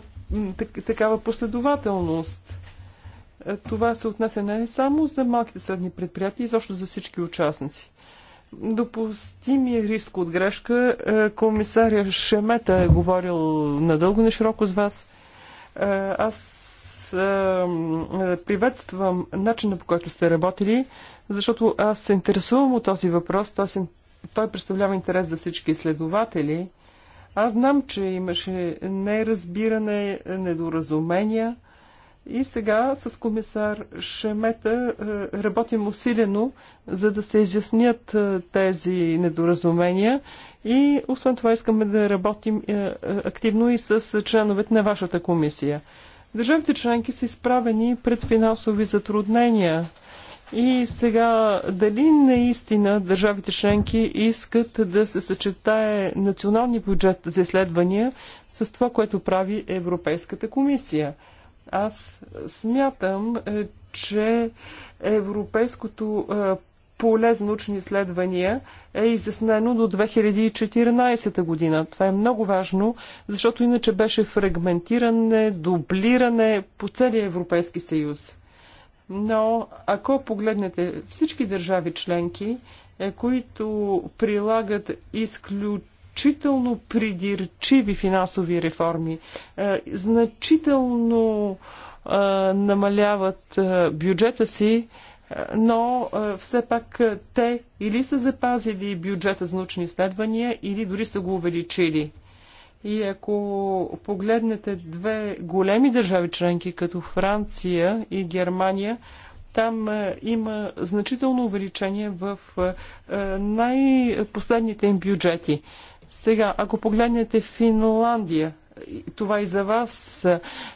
такава последователност. Това се отнася не само за малките средни предприятия, изобщо за всички участници. Допустими риск от грешка, е, комисаря Шемета е говорил надълго и широко с вас. Е, аз е, приветствам начина по който сте работили, защото аз се интересувам от този въпрос. Той, той представлява интерес за всички изследователи. Аз знам, че имаше неразбиране, недоразумения. И сега с комисар Шемета е, работим усилено, за да се изяснят е, тези недоразумения. И освен това искаме да работим е, активно и с членовете на вашата комисия. Държавите членки са изправени пред финансови затруднения. И сега, дали наистина държавите членки искат да се съчетае национални бюджет за изследвания с това, което прави Европейската комисия – аз смятам, е, че европейското е, поле за научни изследвания е изяснено до 2014 година. Това е много важно, защото иначе беше фрагментиране, дублиране по целия Европейски съюз. Но ако погледнете всички държави членки, е, които прилагат изключително значително придирчиви финансови реформи, е, значително е, намаляват е, бюджета си, но все пак те или са запазили бюджета за научни изследвания, или дори са го увеличили. И ако погледнете две големи държави членки, като Франция и Германия, там има значително увеличение в най-последните им бюджети. Сега, ако погледнете Финландия, това и за вас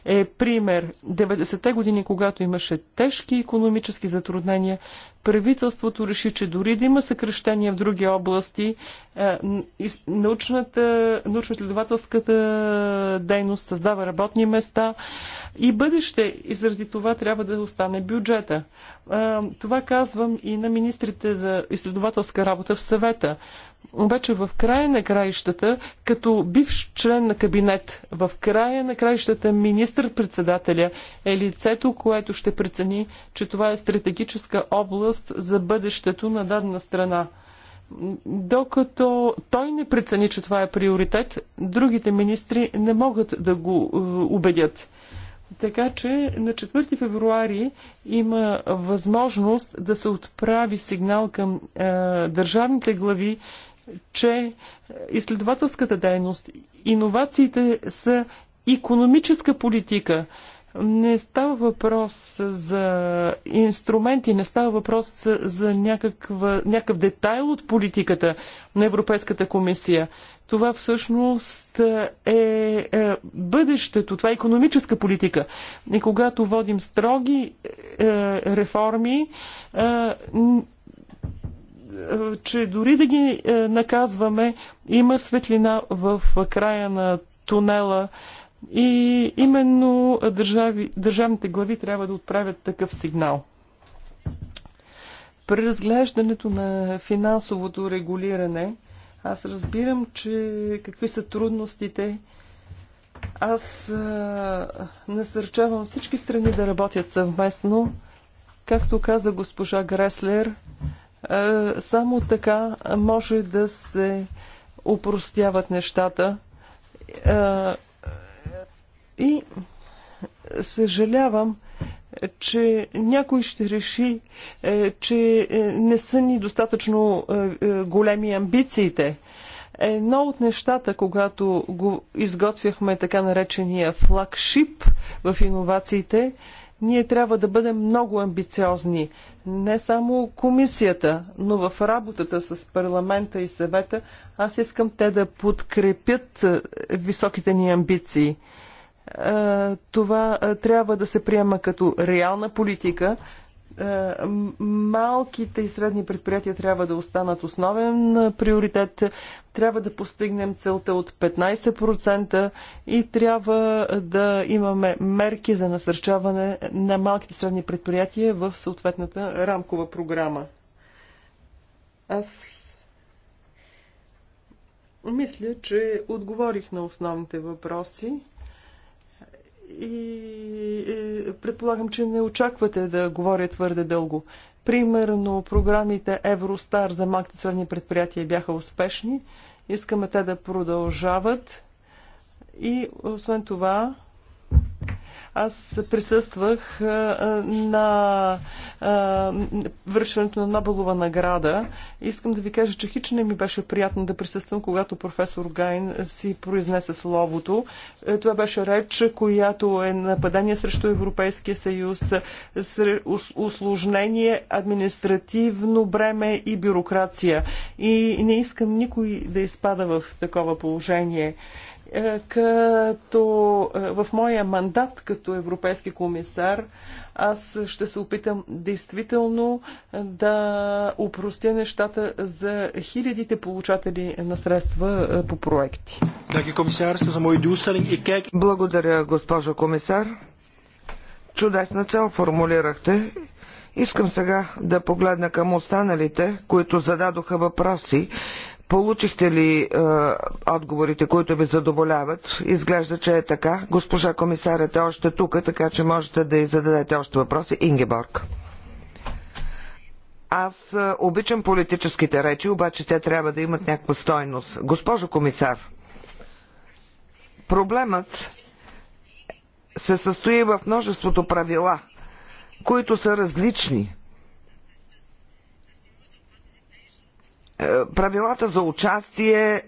е пример. 90-те години, когато имаше тежки економически затруднения, правителството реши, че дори да има съкрещения в други области, е, научната, научно-следователската дейност създава работни места и бъдеще. И заради това трябва да остане бюджета. Е, това казвам и на министрите за изследователска работа в съвета. Обаче в края на краищата, като бивш член на кабинет, в края на краищата министър-председателя е лицето, което ще прецени, че това е стратегическа област за бъдещето на дадена страна. Докато той не прецени, че това е приоритет, другите министри не могат да го е, убедят. Така че на 4 февруари има възможност да се отправи сигнал към е, държавните глави че изследователската дейност, иновациите са економическа политика. Не става въпрос за инструменти, не става въпрос за някаква, някакъв детайл от политиката на Европейската комисия. Това всъщност е, е бъдещето, това е економическа политика. И когато водим строги е, реформи, е, че дори да ги е, наказваме, има светлина в края на тунела. И именно държави, държавните глави трябва да отправят такъв сигнал. При разглеждането на финансовото регулиране, аз разбирам, че какви са трудностите. Аз а, е, насърчавам всички страни да работят съвместно. Както каза госпожа Греслер, е, само така може да се упростяват нещата. Е, и съжалявам, че някой ще реши, е, че не са ни достатъчно големи амбициите. Едно от нещата, когато го изготвяхме така наречения флагшип в иновациите, ние трябва да бъдем много амбициозни не само комисията, но в работата с парламента и съвета, аз искам те да подкрепят е, високите ни амбиции. Е, това е, трябва да се приема като реална политика, малките и средни предприятия трябва да останат основен приоритет. Трябва да постигнем целта от 15% и трябва да имаме мерки за насърчаване на малките и средни предприятия в съответната рамкова програма. Аз мисля, че отговорих на основните въпроси и е, предполагам, че не очаквате да говоря твърде дълго. Примерно програмите Евростар за малките и средни предприятия бяха успешни. Искаме те да продължават. И освен това, аз присъствах на връщането на Нобелова награда. Искам да ви кажа, че хич не ми беше приятно да присъствам, когато професор Гайн си произнесе словото. Е, това беше реч, която е нападение срещу Европейския съюз, усложнение, административно бреме и бюрокрация. И не искам никой да изпада в такова положение. Е, като е, в моя мандат като европейски комисар аз ще се опитам действително е, да упростя нещата за хилядите получатели на средства по проекти. Благодаря, госпожо комисар. Чудесна цел формулирахте. Искам сега да погледна към останалите, които зададоха въпроси. Получихте ли е, отговорите, които ви задоволяват? Изглежда, че е така. Госпожа комисарът е още тук, така че можете да й зададете още въпроси. Ингеборг. Аз е, обичам политическите речи, обаче те трябва да имат някаква стойност. Госпожо комисар, проблемът се състои в множеството правила, които са различни – Е, правилата за участие, е,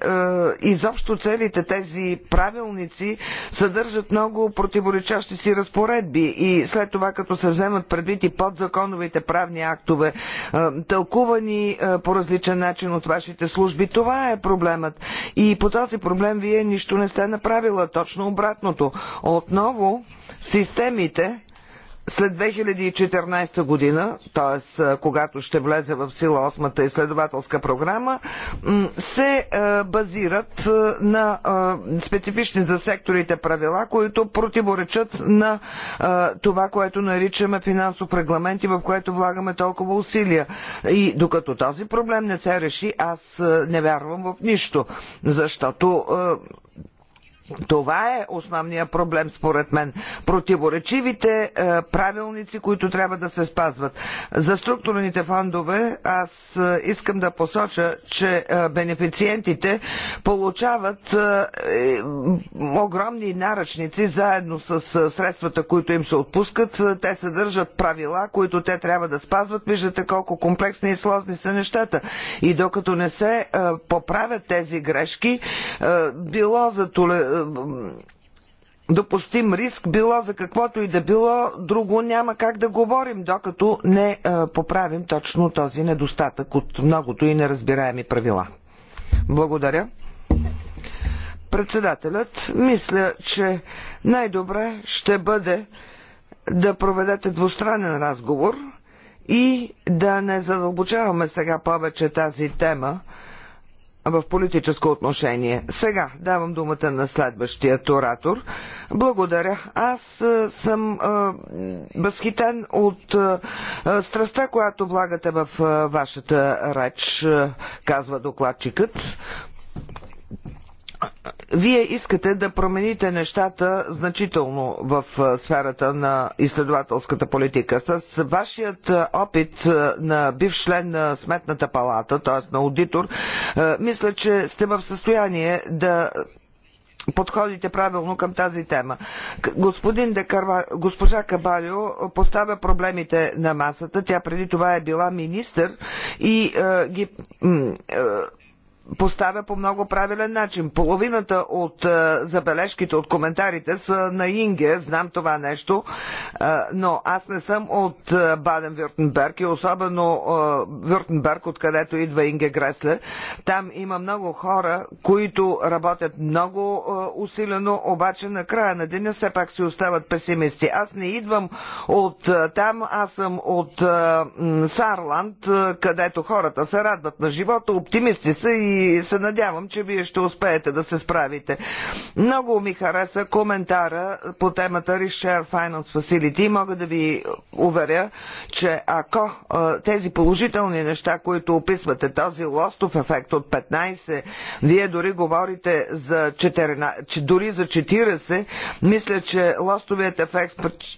изобщо целите тези правилници съдържат много противоречащи си разпоредби и след това като се вземат предвид и подзаконовите правни актове, е, тълкувани по различен начин от вашите служби, това е проблемът. И по този проблем вие нищо не сте направила, точно обратното. Отново системите след 2014 година, т.е. когато ще влезе в сила осмата изследователска програма, се базират на специфични за секторите правила, които противоречат на това, което наричаме финансов регламент и в което влагаме толкова усилия. И докато този проблем не се реши, аз не вярвам в нищо, защото това е основният проблем, според мен. Противоречивите е, правилници, които трябва да се спазват. За структурните фондове аз е, искам да посоча, че е, бенефициентите получават е, е, огромни наръчници заедно с е, средствата, които им се отпускат. Те съдържат правила, които те трябва да спазват. Виждате колко комплексни и сложни са нещата. И докато не се поправят тези грешки, било за толерантност допустим риск, било за каквото и да било, друго няма как да говорим, докато не е, поправим точно този недостатък от многото и неразбираеми правила. Благодаря. Председателят, мисля, че най-добре ще бъде да проведете двустранен разговор и да не задълбочаваме сега повече тази тема в политическо отношение. Сега давам думата на следващия оратор. Благодаря. Аз е, съм е, възхитен от е, страстта, която влагате в вашата реч, казва докладчикът. Вие искате да промените нещата значително в сферата на изследователската политика. С вашият опит на бив член на Сметната палата, т.е. на аудитор, мисля, че сте в състояние да подходите правилно към тази тема. Господин Декарва, госпожа Кабалио поставя проблемите на масата. Тя преди това е била министър и е, ги е, поставя по много правилен начин. Половината от е, забележките, от коментарите са на Инге, знам това нещо, е, но аз не съм от е, Баден-Вюртенберг и особено Вюртенберг, откъдето идва Инге Гресле. Там има много хора, които работят много усилено, обаче на края на деня все пак си остават песимисти. Аз не идвам от там, аз съм от Сарланд, където хората се радват на живота, оптимисти са и и се надявам, че вие ще успеете да се справите. Много ми хареса коментара по темата Reshare Finance Facility и мога да ви уверя, че ако тези положителни неща, които описвате, този лостов ефект от 15, вие дори говорите за 14, дори за 40, мисля, че лостовият ефект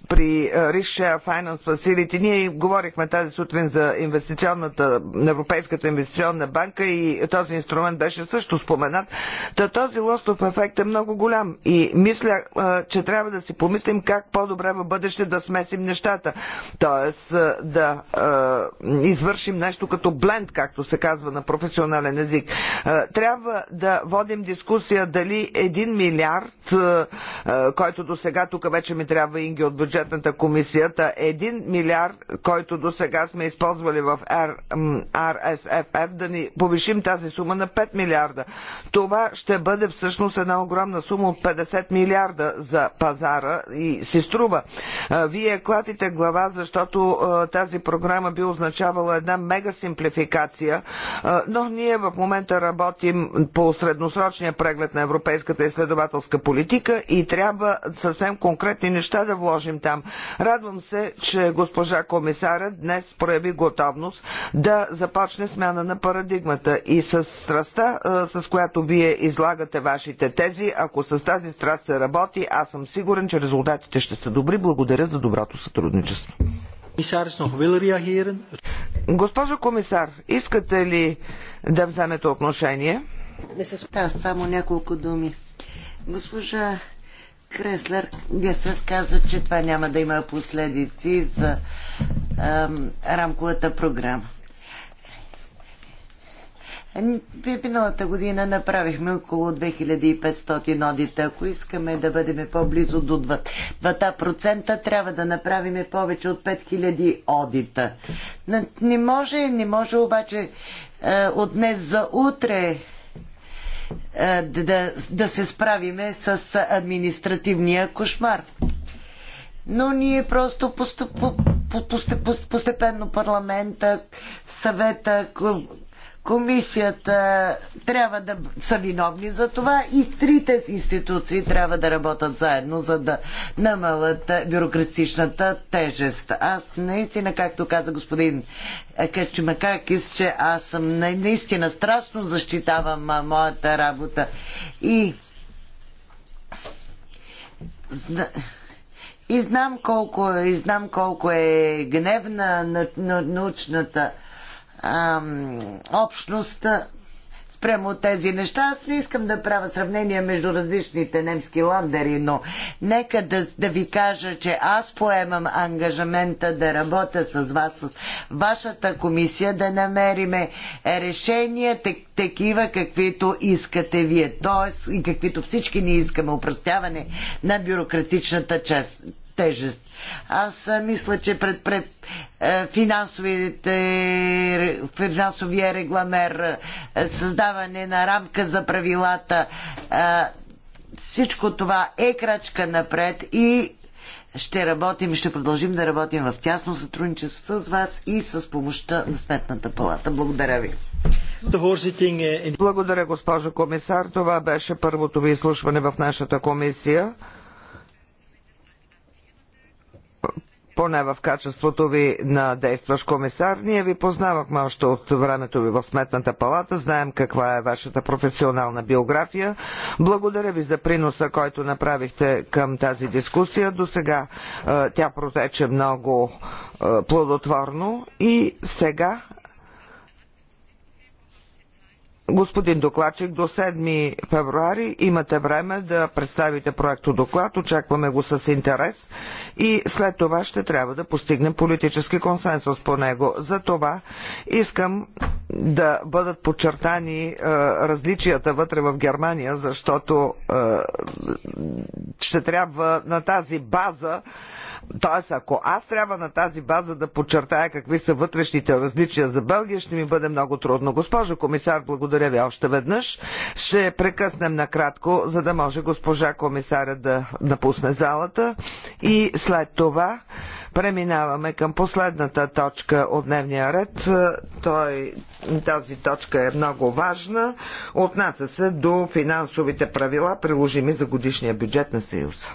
при Reshare Finance Facility, ние говорихме тази сутрин за инвестиционната, Европейската инвестиционна банка и този инструмент инструмент беше също споменат. Та този лостов ефект е много голям и мисля, че трябва да си помислим как по-добре в бъдеще да смесим нещата. Тоест да извършим нещо като бленд, както се казва на професионален език. Трябва да водим дискусия дали един милиард, който до сега, тук вече ми трябва Инги от бюджетната комисията, един милиард, който до сега сме използвали в RSFF, да ни повишим тази сума на 5 милиарда. Това ще бъде всъщност една огромна сума от 50 милиарда за пазара и си струва. Вие клатите глава, защото тази програма би означавала една мега симплификация, но ние в момента работим по средносрочния преглед на европейската изследователска политика и трябва съвсем конкретни неща да вложим там. Радвам се, че госпожа комисаря днес прояви готовност да започне смяна на парадигмата и с страстта, с която вие излагате вашите тези. Ако с тази страст се работи, аз съм сигурен, че резултатите ще са добри. Благодаря за доброто сътрудничество. Госпожо комисар, искате ли да вземете отношение? Да, само няколко думи. Госпожа Креслер днес разказа, че това няма да има последици за ам, рамковата програма. Ами, миналата година направихме около 2500 одита. Ако искаме да бъдем по-близо до 2%, трябва да направим повече от 5000 одита. Не може, не може обаче е, от днес за утре е, да, да се справиме с административния кошмар. Но ние просто постепенно парламента, съвета, комисията трябва да са виновни за това и трите институции трябва да работят заедно, за да намалят бюрократичната тежест. Аз наистина, както каза господин Качмакакис, че аз съм наистина страшно защитавам моята работа и и знам колко, и знам колко е гневна на, на научната общност спрямо тези неща. Аз не искам да правя сравнение между различните немски ландери, но нека да, да ви кажа, че аз поемам ангажамента да работя с вас, с вашата комисия, да намериме решения так, такива, каквито искате вие, т.е. и каквито всички ние искаме, упростяване на бюрократичната част тежест. Аз мисля, че пред, пред е, финансовите, финансовия регламер, е, създаване на рамка за правилата, е, всичко това е крачка напред и ще работим, ще продължим да работим в тясно сътрудничество с вас и с помощта на Сметната палата. Благодаря ви. Благодаря, госпожо комисар. Това беше първото ви изслушване в нашата комисия. поне в качеството ви на действащ комисар. Ние ви познавахме още от времето ви в Сметната палата, знаем каква е вашата професионална биография. Благодаря ви за приноса, който направихте към тази дискусия. До сега е, тя протече много е, плодотворно и сега Господин докладчик, до 7 февруари имате време да представите проекто доклад, очакваме го с интерес и след това ще трябва да постигнем политически консенсус по него. За това искам да бъдат подчертани е, различията вътре в Германия, защото е, ще трябва на тази база Тоест, ако аз трябва на тази база да подчертая какви са вътрешните различия за Белгия, ще ми бъде много трудно. Госпожо комисар, благодаря ви още веднъж. Ще прекъснем накратко, за да може госпожа комисаря да напусне залата. И след това преминаваме към последната точка от дневния ред. Той, тази точка е много важна. Отнася се до финансовите правила, приложими за годишния бюджет на Съюза.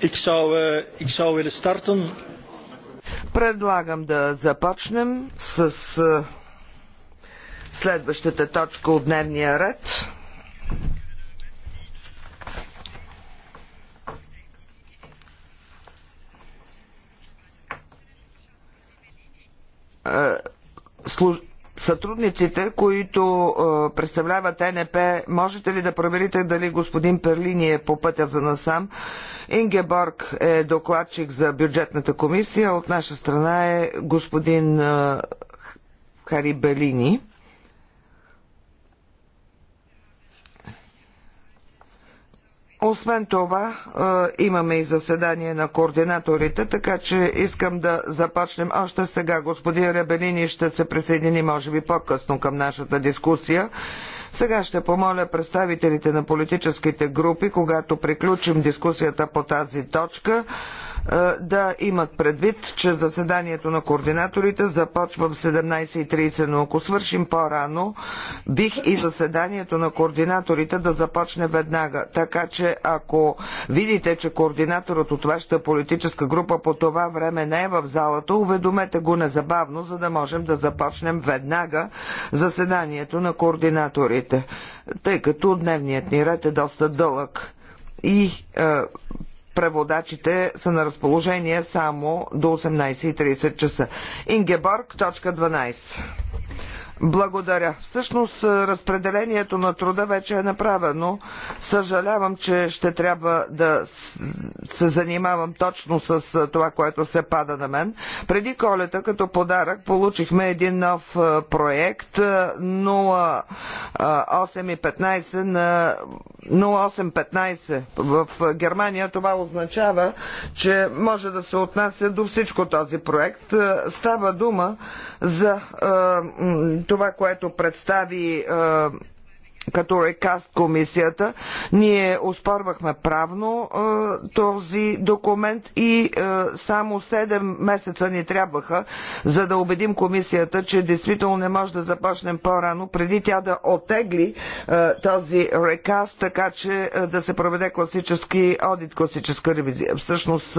Eh, Предлагам да започнем с е, следващата точка от дневния ред. Е, Служ сътрудниците, които е, представляват НП, можете ли да проверите дали господин Перлини е по пътя за насам? Ингеборг е докладчик за бюджетната комисия. От наша страна е господин е, Хари Белини. Освен това, имаме и заседание на координаторите, така че искам да започнем още сега. Господин Ребелини ще се присъедини, може би, по-късно към нашата дискусия. Сега ще помоля представителите на политическите групи, когато приключим дискусията по тази точка, е, да имат предвид, че заседанието на координаторите започва в 17.30, но ако свършим по-рано, бих и заседанието на координаторите да започне веднага. Така че ако видите, че координаторът от вашата политическа група по това време не е в залата, уведомете го незабавно, за да можем да започнем веднага заседанието на координаторите, тъй като дневният ни ред е доста дълъг и е, преводачите са на разположение само до 18.30 часа. Ингеборг, точка 12. Благодаря. Всъщност е, разпределението на труда вече е направено. Съжалявам, че ще трябва да се занимавам точно с е, това, което се пада на мен. Преди колета като подарък получихме един нов е, проект 0815 на 0815. В Германия това означава, че може да се отнася до всичко този проект. Става дума за това, което представи като рекаст комисията, ние оспорвахме правно е, този документ и е, само 7 месеца ни трябваха, за да убедим комисията, че действително не може да започнем по-рано, преди тя да отегли е, този рекаст, така че да се проведе класически одит, класическа ревизия. Всъщност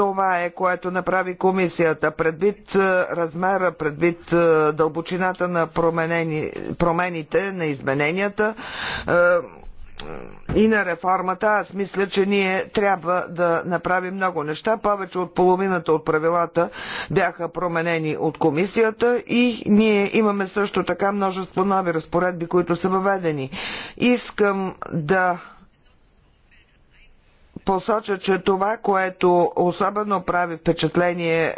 това е което направи комисията. Предвид е, размера, предвид е, дълбочината на промените, на измененията, е, и на реформата, аз мисля, че ние трябва да направим много неща. Повече от половината от правилата бяха променени от комисията и ние имаме също така множество нови разпоредби, които са въведени. Искам да посоча, че това, което особено прави впечатление е,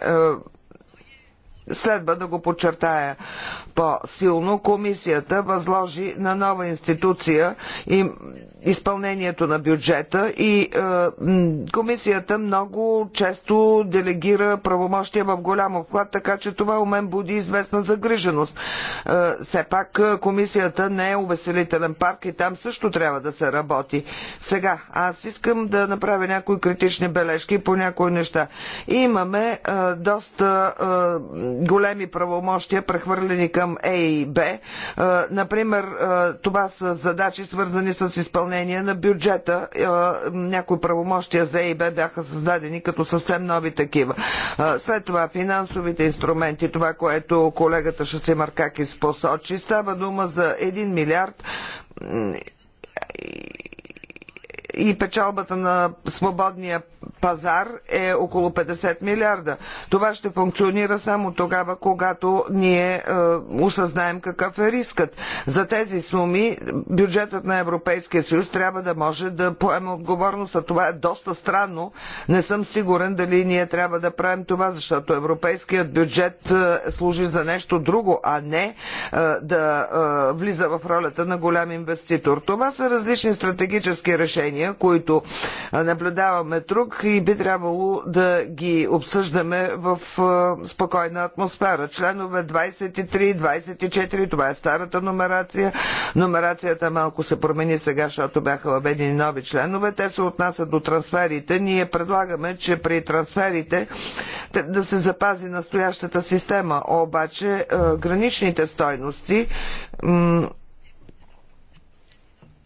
Следва да го подчертая по-силно. Комисията възложи на нова институция и изпълнението на бюджета и е, комисията много често делегира правомощия в голям обхват, така че това у мен буди известна загриженост. Е, все пак е, комисията не е увеселителен парк и там също трябва да се работи. Сега, аз искам да направя някои критични бележки по някои неща. Имаме е, доста е, големи правомощия, прехвърлени към Е и Б. Например, е, това са задачи свързани с изпълнение на бюджета. Е, някои правомощия за ЕБ и Б бяха създадени като съвсем нови такива. Е, след това финансовите инструменти, това, което колегата Шацимаркакис посочи, става дума за 1 милиард и печалбата на свободния пазар е около 50 милиарда. Това ще функционира само тогава, когато ние е, осъзнаем какъв е рискът. За тези суми бюджетът на Европейския съюз трябва да може да поеме отговорност, а това е доста странно. Не съм сигурен дали ние трябва да правим това, защото европейският бюджет е, служи за нещо друго, а не е, да е, влиза в ролята на голям инвеститор. Това са различни стратегически решения явления, които наблюдаваме друг и би трябвало да ги обсъждаме в спокойна атмосфера. Членове 23, 24, това е старата номерация. Номерацията малко се промени сега, защото бяха въведени нови членове. Те се отнасят до трансферите. Ние предлагаме, че при трансферите да се запази настоящата система. Обаче граничните стойности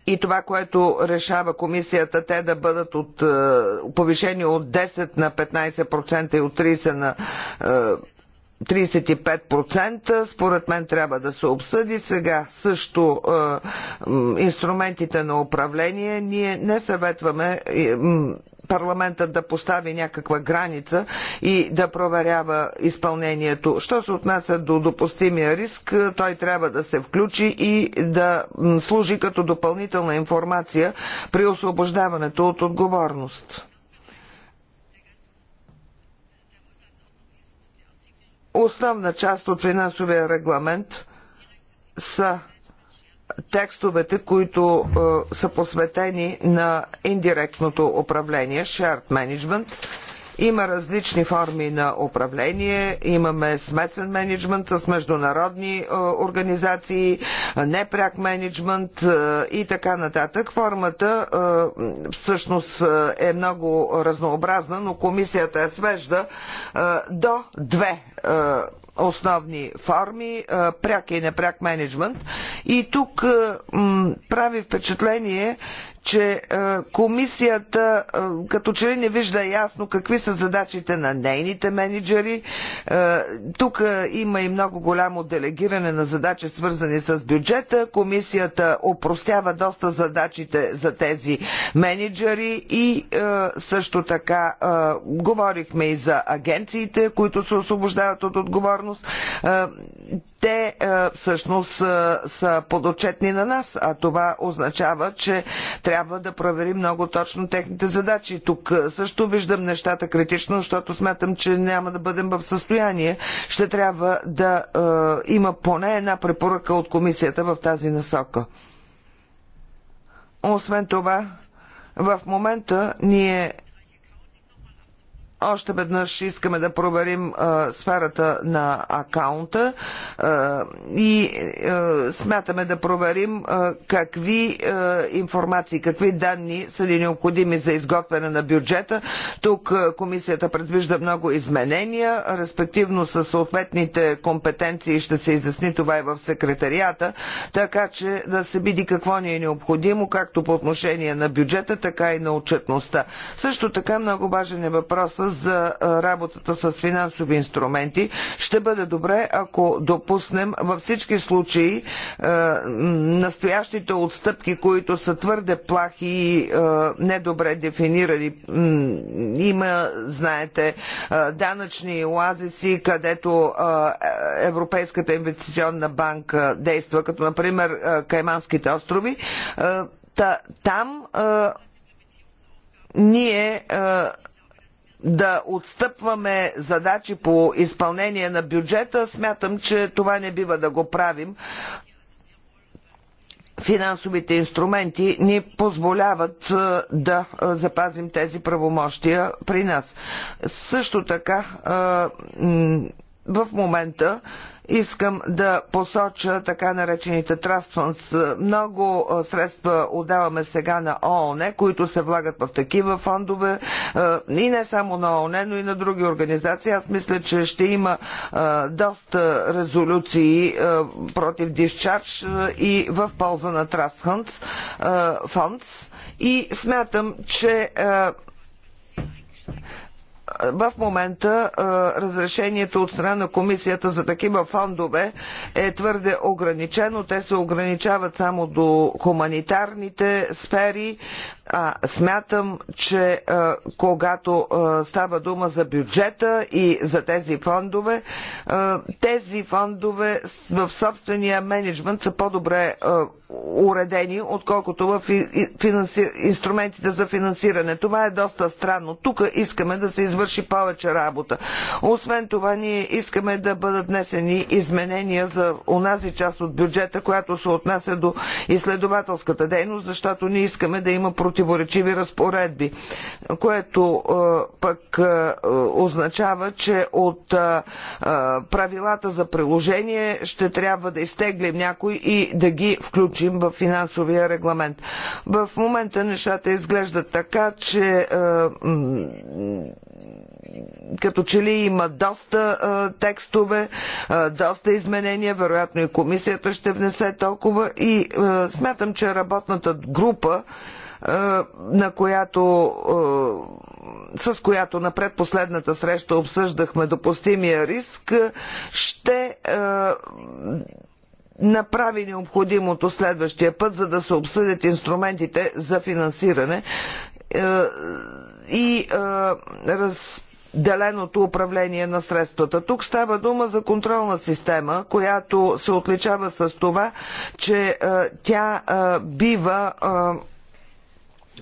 и това, което решава комисията, те да бъдат от, е, повишени от 10 на 15% и от 30 на е, 35% според мен трябва да се обсъди. Сега също е, инструментите на управление ние не съветваме е, парламентът да постави някаква граница и да проверява изпълнението. Що се отнася до допустимия риск, е, той трябва да се включи и да служи като допълнителна информация при освобождаването от отговорност. основна част от финансовия регламент са текстовете, които е, са посветени на индиректното управление, shared management. Има различни форми на управление. Имаме смесен менеджмент с международни е, организации, непряк менеджмент е, и така нататък. Формата е, всъщност е много разнообразна, но комисията я свежда до две основни форми, пряк и непряк менеджмент. И тук прави впечатление, че е, комисията е, като че ли не вижда ясно какви са задачите на нейните менеджери. Е, тук има и много голямо делегиране на задачи, свързани с бюджета. Комисията опростява доста задачите за тези менеджери и също така говорихме и за агенциите, които се освобождават от отговорност. Те всъщност са подотчетни на нас, а това означава, че трябва трябва да проверим много точно техните задачи. Тук също виждам нещата критично, защото смятам, че няма да бъдем в състояние. Ще трябва да е, има поне една препоръка от комисията в тази насока. Освен това, в момента ние още веднъж искаме да проверим а, сферата на акаунта а, и а, смятаме да проверим а, какви а, информации, какви данни са ли необходими за изготвяне на бюджета. Тук а, комисията предвижда много изменения, респективно с съответните компетенции ще се изясни това и в секретарията, така че да се види какво ни е необходимо, както по отношение на бюджета, така и на отчетността. Също така много важен е въпросът за работата с финансови инструменти, ще бъде добре, ако допуснем във всички случаи настоящите отстъпки, които са твърде плахи и недобре дефинирани. Има, знаете, данъчни оазиси, където Европейската инвестиционна банка действа, като например Кайманските острови. там ние да отстъпваме задачи по изпълнение на бюджета, смятам, че това не бива да го правим. Финансовите инструменти ни позволяват е, да е, запазим тези правомощия при нас. Също така, е, в момента Искам да посоча така наречените Trust Funds. Много средства отдаваме сега на ООН, които се влагат в такива фондове и не само на ООН, но и на други организации. Аз мисля, че ще има доста резолюции против Discharge и в полза на Trust Funds и смятам, че в момента разрешението от страна на комисията за такива фондове е твърде ограничено. Те се ограничават само до хуманитарните сфери, а, смятам, че а, когато а, става дума за бюджета и за тези фондове, а, тези фондове в собствения менеджмент са по-добре уредени, отколкото в финанси... инструментите за финансиране. Това е доста странно. Тук искаме да се извърши повече работа. Освен това, ние искаме да бъдат внесени изменения за онази част от бюджета, която се отнася до изследователската дейност, защото ние искаме да има против противоречиви разпоредби, което е, пък е, означава, че от е, правилата за приложение ще трябва да изтеглим някой и да ги включим в финансовия регламент. В момента нещата изглеждат така, че като че ли има доста а, текстове, а, доста изменения, вероятно и комисията ще внесе толкова и а, смятам, че работната група на която, с която на предпоследната среща обсъждахме допустимия риск, ще направи необходимото следващия път, за да се обсъдят инструментите за финансиране и разделеното управление на средствата. Тук става дума за контролна система, която се отличава с това, че тя бива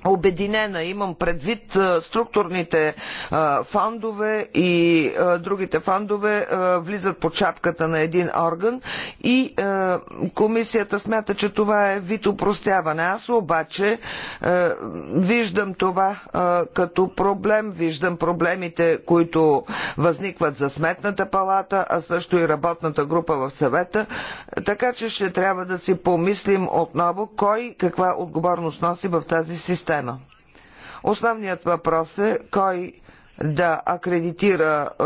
обединена. Имам предвид структурните фондове и другите фондове влизат под шапката на един орган и комисията смята, че това е вид упростяване. Аз обаче виждам това като проблем. Виждам проблемите, които възникват за сметната палата, а също и работната група в съвета. Така че ще трябва да си помислим отново кой каква отговорност носи в тази система система. Основният въпрос е кой да акредитира е,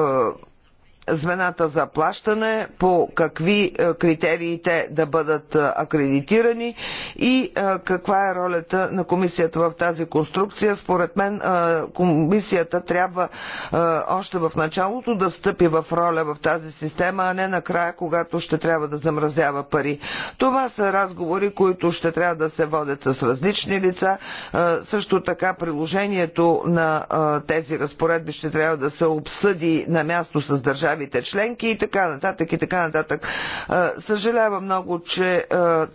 звената за плащане, по какви е, критерии те да бъдат е, акредитирани и е, каква е ролята на комисията в тази конструкция. Според мен комисията трябва още в началото да встъпи в роля в тази система, а не накрая, когато ще трябва да замразява пари. Това са разговори, които ще трябва да се водят с различни лица. Също така приложението на тези разпоредби ще трябва да се обсъди на място с държави държавите членки и така нататък и така нататък. Съжалявам много, че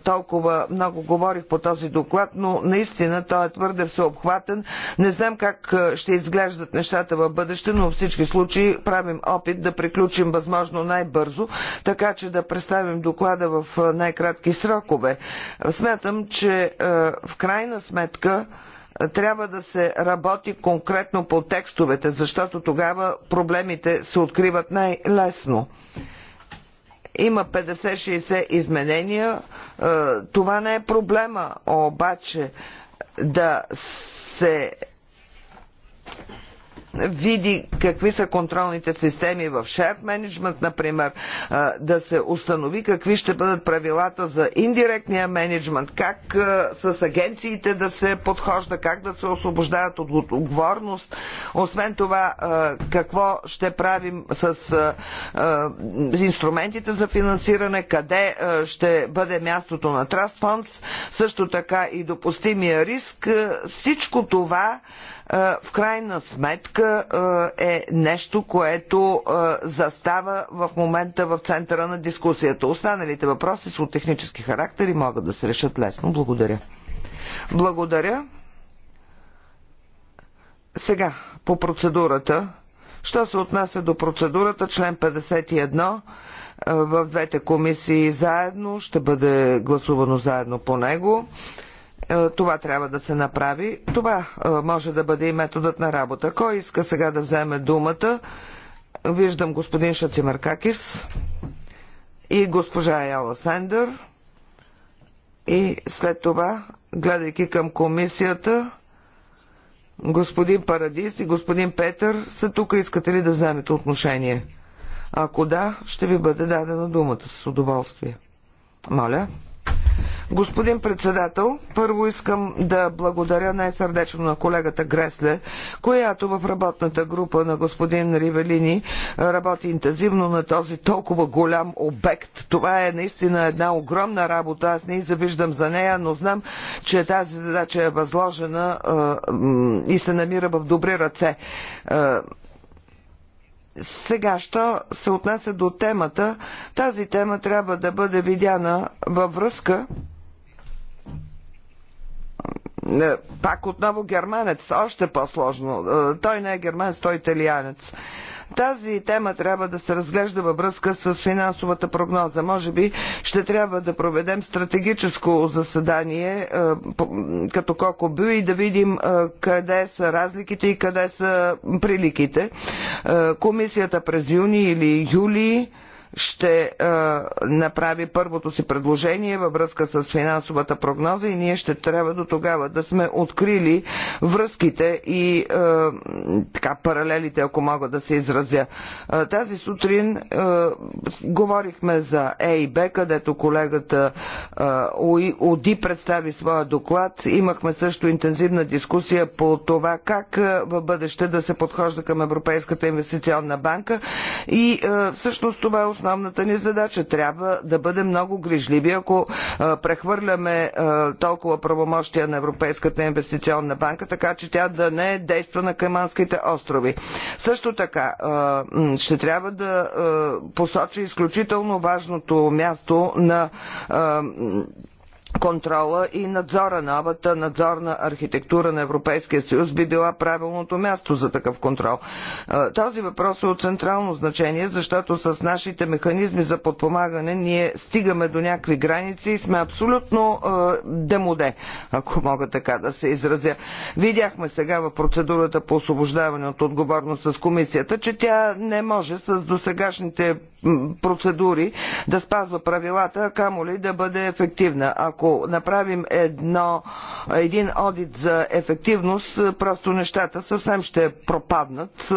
толкова много говорих по този доклад, но наистина той е твърде всеобхватен. Не знам как ще изглеждат нещата в бъдеще, но в всички случаи правим опит да приключим възможно най-бързо, така че да представим доклада в най-кратки срокове. Смятам, че в крайна сметка трябва да се работи конкретно по текстовете, защото тогава проблемите се откриват най-лесно. Има 50-60 изменения. Е, това не е проблема, обаче да се види какви са контролните системи в shared менеджмент, например, да се установи какви ще бъдат правилата за индиректния менеджмент, как с агенциите да се подхожда, как да се освобождават от отговорност. Освен това, какво ще правим с инструментите за финансиране, къде ще бъде мястото на Trust Funds, също така и допустимия риск. Всичко това в крайна сметка е нещо, което застава в момента в центъра на дискусията. Останалите въпроси са от технически характер и могат да се решат лесно. Благодаря. Благодаря. Сега, по процедурата. Що се отнася до процедурата, член 51 в двете комисии заедно, ще бъде гласувано заедно по него. Е, това трябва да се направи. Това е, може да бъде и методът на работа. Кой иска сега да вземе думата? Виждам господин Шацимаркакис и госпожа Яла Сендър. И след това, гледайки към комисията, господин Парадис и господин Петър са тук. Искате ли да вземете отношение? Ако да, ще ви бъде дадена думата с удоволствие. Моля. Господин председател, първо искам да благодаря най-сърдечно на колегата Гресле, която в работната група на господин Ривелини работи интензивно на този толкова голям обект. Това е наистина една огромна работа. Аз не завиждам за нея, но знам, че тази задача е възложена и се намира в добри ръце. Сега, що се отнася до темата, тази тема трябва да бъде видяна във връзка е, пак отново германец, още по-сложно. Е, той не е германец, той е италианец. Тази тема трябва да се разглежда във връзка с финансовата прогноза. Може би ще трябва да проведем стратегическо заседание е, като бю, и да видим къде са разликите и къде са приликите. Комисията през юни или юли ще е, направи първото си предложение във връзка с финансовата прогноза и ние ще трябва до тогава да сме открили връзките и е, така паралелите, ако мога да се изразя. Тази сутрин е, говорихме за ЕИБ, където колегата ОДИ представи своя доклад. Имахме също интензивна дискусия по това как в бъдеще да се подхожда към Европейската инвестиционна банка и всъщност това е основната ни задача. Трябва да бъдем много грижливи, ако прехвърляме толкова правомощия на Европейската инвестиционна банка, така че тя да не действа на Кайманските острови. Също така, ще трябва да посоча изключително важното място на контрола и надзора. Новата надзорна архитектура на Европейския съюз би била правилното място за такъв контрол. Този въпрос е от централно значение, защото с нашите механизми за подпомагане ние стигаме до някакви граници и сме абсолютно демоде, ако мога така да се изразя. Видяхме сега в процедурата по освобождаване от отговорност с комисията, че тя не може с досегашните процедури, да спазва правилата, камо ли да бъде ефективна. Ако направим едно, един одит за ефективност, е, просто нещата съвсем ще пропаднат. Е,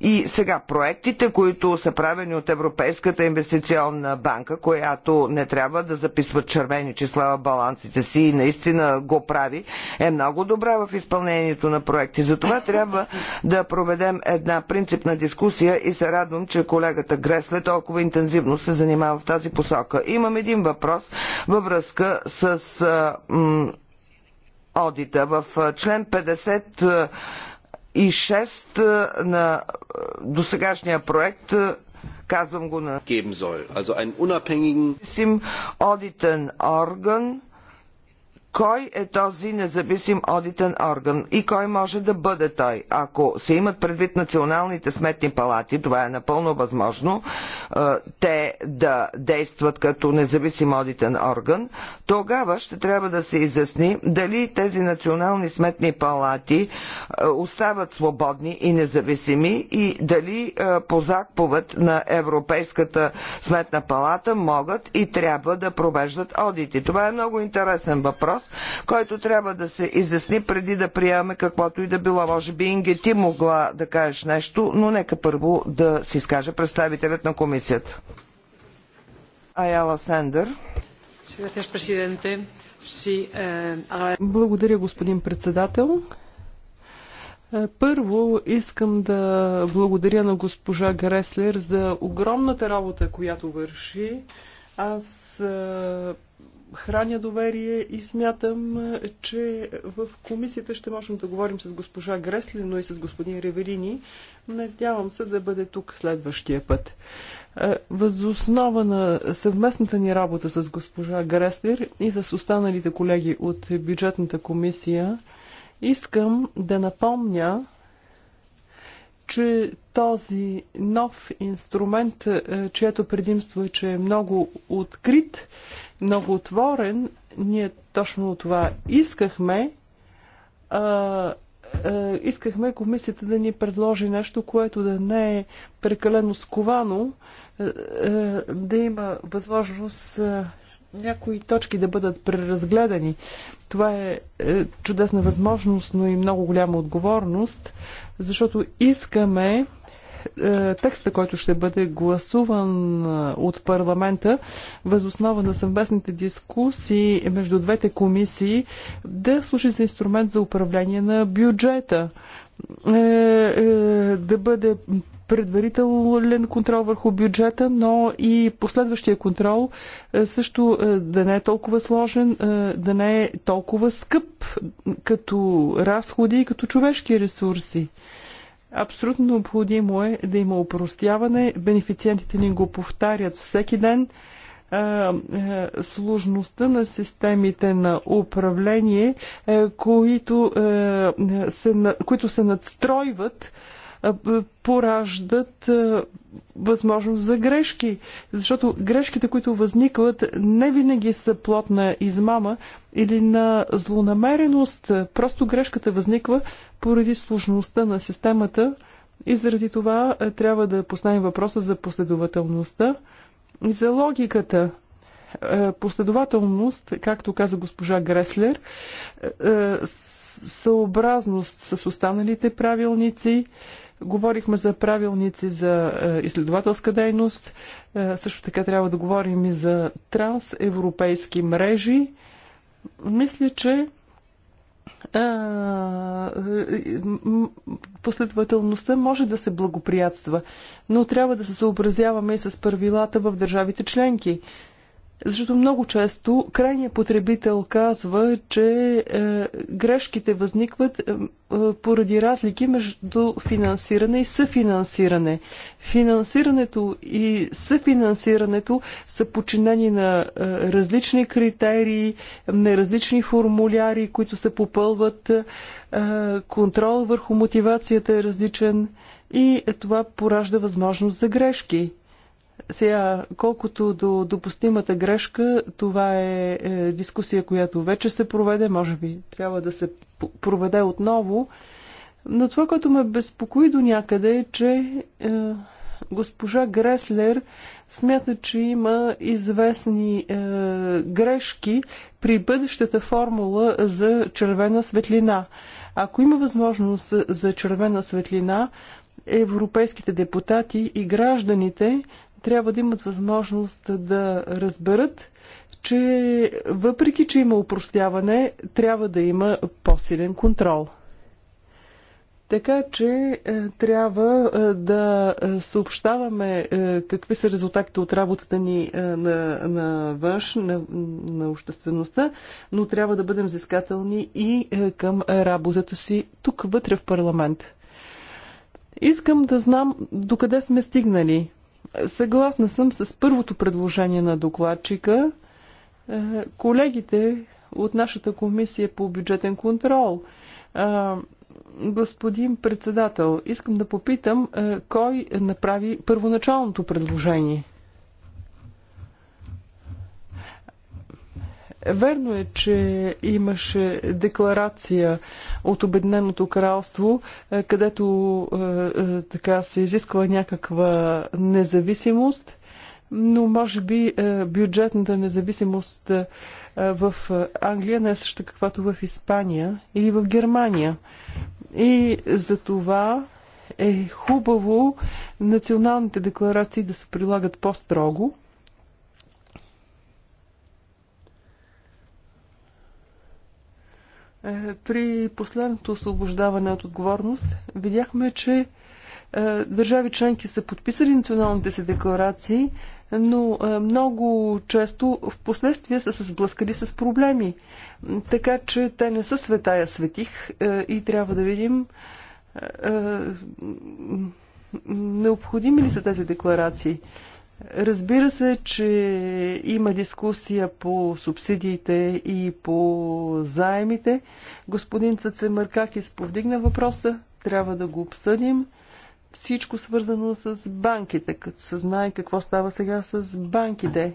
и сега проектите, които са правени от Европейската инвестиционна банка, която не трябва да записва червени числа в балансите си и наистина го прави, е много добра в изпълнението на проекти. Затова трябва да проведем една принципна дискусия и се радвам, че колегата Грес Гресле толкова интензивно се занимава в тази посока. Имам един въпрос във връзка с М одита. В член 50 и 6 на досегашния проект казвам го на geben soll. Also einen unabhängigen одитен орган кой е този независим одитен орган и кой може да бъде той. Ако се имат предвид националните сметни палати, това е напълно възможно, те да действат като независим одитен орган, тогава ще трябва да се изясни дали тези национални сметни палати остават свободни и независими и дали по заповед на Европейската сметна палата могат и трябва да провеждат одити. Това е много интересен въпрос въпрос, който трябва да се изясни преди да приемаме каквото и да било. Може би Инге ти могла да кажеш нещо, но нека първо да си изкаже представителят на комисията. Аяла Сендър. Благодаря, господин председател. Е, първо искам да благодаря на госпожа Греслер за огромната работа, която върши. Аз е, храня доверие и смятам, че в комисията ще можем да говорим с госпожа Гресли, но и с господин Ревелини. Надявам се да бъде тук следващия път. Е, възоснова на съвместната ни работа с госпожа Греслер и с останалите колеги от бюджетната комисия, искам да напомня, че този нов инструмент, е, чието предимство е, че е много открит, много отворен. Ние точно това искахме. А, а, искахме комисията да ни предложи нещо, което да не е прекалено сковано, а, а, да има възможност а, някои точки да бъдат преразгледани. Това е, е чудесна възможност, но и много голяма отговорност, защото искаме е, текста, който ще бъде гласуван е, от парламента, възоснова на съвместните дискусии между двете комисии, да служи за инструмент за управление на бюджета. Е, да бъде предварителен контрол върху бюджета, но и последващия контрол също да не е толкова сложен, да не е толкова скъп като разходи и като човешки ресурси. Абсолютно необходимо е да има упростяване. Бенефициентите ни го повтарят всеки ден. Е, е, сложността на системите на управление, е, които се, които се надстройват пораждат възможност за грешки. Защото грешките, които възникват, не винаги са плод на измама или на злонамереност. Просто грешката възниква поради сложността на системата и заради това трябва да поставим въпроса за последователността и за логиката последователност, както каза госпожа Греслер, съобразност с останалите правилници, Говорихме за правилници за е, изследователска дейност. Е, също така трябва да говорим и за трансевропейски мрежи. Мисля, че е, последователността може да се благоприятства, но трябва да се съобразяваме и с правилата в държавите членки. Защото много често крайният потребител казва, че е, грешките възникват е, е, поради разлики между финансиране и съфинансиране. Финансирането и съфинансирането са подчинени на е, различни критерии, на различни формуляри, които се попълват. Е, контрол върху мотивацията е различен и това поражда възможност за грешки. Сега, колкото до допустимата грешка, това е, е дискусия, която вече се проведе, може би трябва да се проведе отново. Но това, което ме безпокои до някъде е, че е, госпожа Греслер смята, че има известни е, грешки при бъдещата формула за червена светлина. Ако има възможност за червена светлина, европейските депутати и гражданите трябва да имат възможност да разберат, че въпреки, че има упростяване, трябва да има по-силен контрол. Така че е, трябва е, да съобщаваме е, какви са резултатите от работата ни на, на външ, на, на обществеността, но трябва да бъдем взискателни и към работата си тук вътре в парламент. Искам да знам докъде сме стигнали. Съгласна съм с първото предложение на докладчика. Е, колегите от нашата комисия по бюджетен контрол. Е, господин председател, искам да попитам е, кой направи първоначалното предложение. Верно е, че имаше декларация от Обединеното кралство, е, където е, е, така се изисква някаква независимост, но може би бюджетната независимост в Англия не е също каквато в Испания или в Германия. И за това е хубаво националните декларации да се прилагат по-строго Е, при последното освобождаване от отговорност видяхме, че е, държави членки са подписали националните си декларации, но е, много често в последствие са се сблъскали с проблеми. Така че те не са светая светих и трябва да видим необходими ли са тези декларации. Разбира се, че има дискусия по субсидиите и по заемите. Господин Цацемаркакис повдигна въпроса. Трябва да го обсъдим. Всичко свързано с банките, като се знае какво става сега с банките.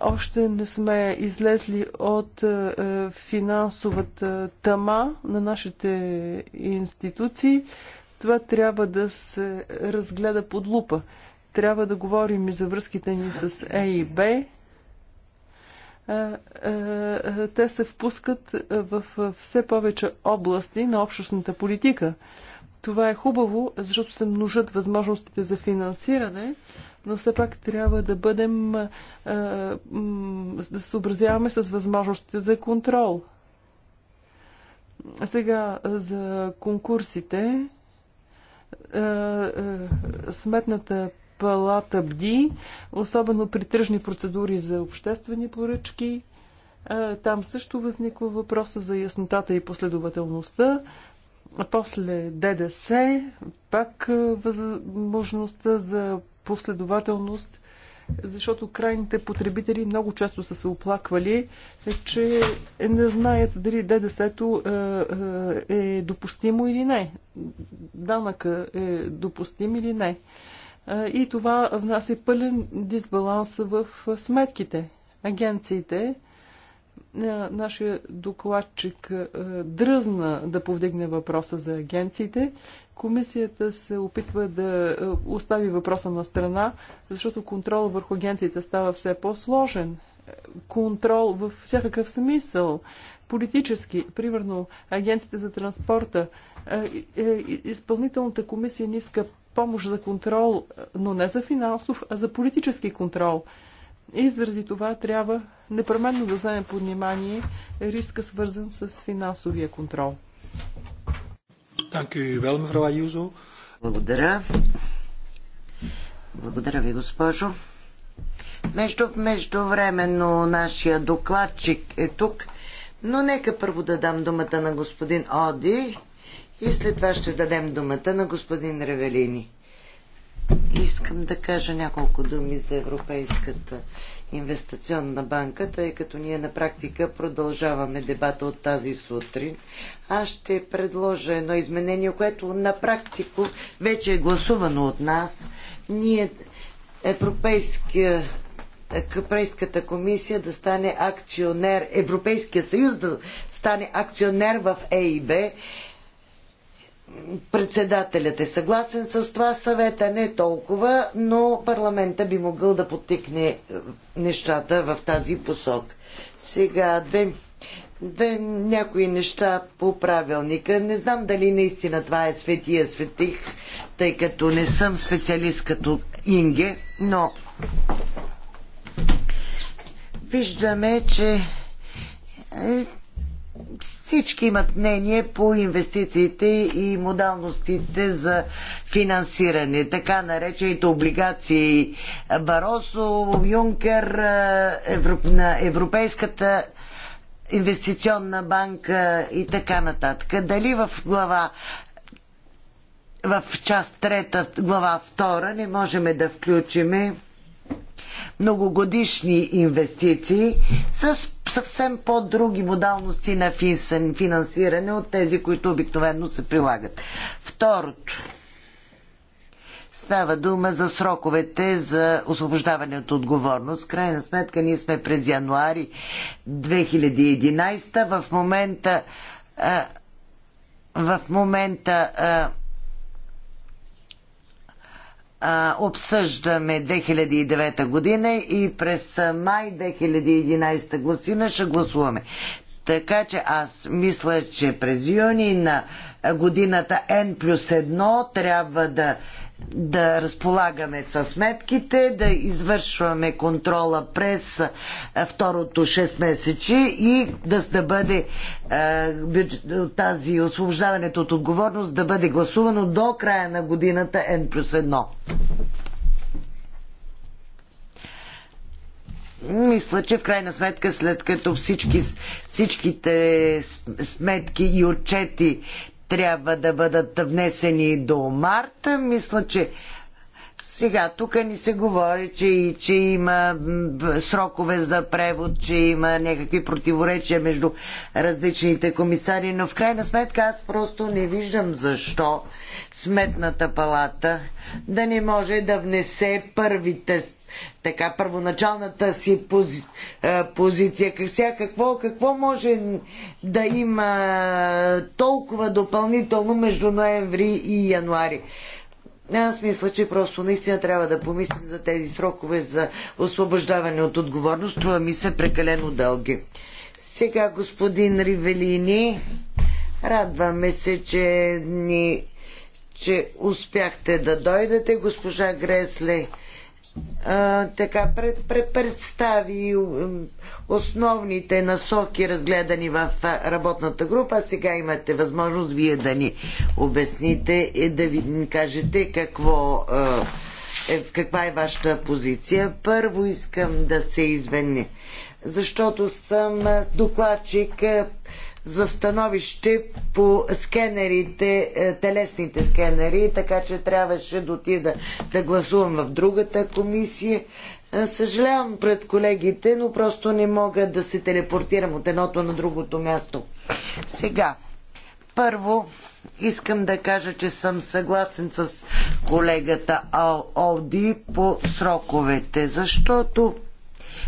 Още не сме излезли от финансовата тъма на нашите институции. Това трябва да се разгледа под лупа. Трябва да говорим и за връзките ни с Е и Б. Те се впускат в все повече области на общностната политика. Това е хубаво, защото се множат възможностите за финансиране, но все пак трябва да бъдем, да съобразяваме с възможностите за контрол. Сега за конкурсите. Сметната палата бди, особено при тръжни процедури за обществени поръчки. Там също възниква въпроса за яснотата и последователността. После ДДС, пак възможността за последователност, защото крайните потребители много често са се оплаквали, е, че е, не знаят дали ДДС-то е допустимо или не. Данъка е допустим или не и това внася пълен дисбаланс в сметките. Агенциите, нашия докладчик дръзна да повдигне въпроса за агенциите. Комисията се опитва да остави въпроса на страна, защото контрол върху агенциите става все по-сложен. Контрол в всякакъв смисъл политически. Примерно агенците за транспорта, е, е, е, изпълнителната комисия не иска помощ за контрол, но не за финансов, а за политически контрол. И заради това трябва непременно да вземем под внимание риска, свързан с финансовия контрол. Благодаря. Благодаря ви, госпожо. Между, междувременно нашия докладчик е тук. Но нека първо да дам думата на господин Оди и след това ще дадем думата на господин Ревелини. Искам да кажа няколко думи за Европейската инвестиционна банка, тъй като ние на практика продължаваме дебата от тази сутрин. Аз ще предложа едно изменение, което на практико вече е гласувано от нас. Ние Европейския Европейската комисия да стане акционер, Европейския съюз да стане акционер в ЕИБ. Председателят е съгласен с това, съвета не толкова, но парламента би могъл да потикне е, нещата в тази посок. Сега две, две някои неща по правилника. Не знам дали наистина това е светия светих, тъй като не съм специалист като Инге, но Виждаме, че е, всички имат мнение по инвестициите и модалностите за финансиране. Така наречените облигации Баросо, Юнкер, е, на Европейската инвестиционна банка и така нататък. Дали в глава в част трета, глава втора не можем да включим многогодишни инвестиции с съвсем по-други модалности на финансиране от тези, които обикновено се прилагат. Второто. Става дума за сроковете за освобождаване от отговорност. Крайна сметка ние сме през януари 2011. В момента в момента а, обсъждаме 2009 година и през май 2011 година ще гласуваме. Така че аз мисля, че през юни на годината N плюс 1 трябва да да разполагаме с сметките, да извършваме контрола през второто 6 месече и да, да бъде е, тази освобождаването от отговорност да бъде гласувано до края на годината N плюс 1. мисля, че в крайна сметка, след като всички, всичките сметки и отчети трябва да бъдат внесени до марта. Мисля, че сега тук ни се говори, че, и че има срокове за превод, че има някакви противоречия между различните комисари, но в крайна сметка аз просто не виждам защо Сметната палата да не може да внесе първите така първоначалната си пози, позиция. Сега какво, какво може да има толкова допълнително между ноември и януари? Аз мисля, че просто наистина трябва да помислим за тези срокове за освобождаване от отговорност. Това ми са прекалено дълги. Сега, господин Ривелини, радваме се, че, ни, че успяхте да дойдете. Госпожа Гресле, така пред, пред, представи основните насоки, разгледани в работната група. Сега имате възможност вие да ни обясните и да ви кажете какво, е, каква е вашата позиция. Първо искам да се извиня, защото съм докладчик за становище по скенерите, е, телесните скенери, така че трябваше да отида да гласувам в другата комисия. Е, съжалявам пред колегите, но просто не мога да се телепортирам от едното на другото място. Сега, първо искам да кажа, че съм съгласен с колегата ОДИ по сроковете, защото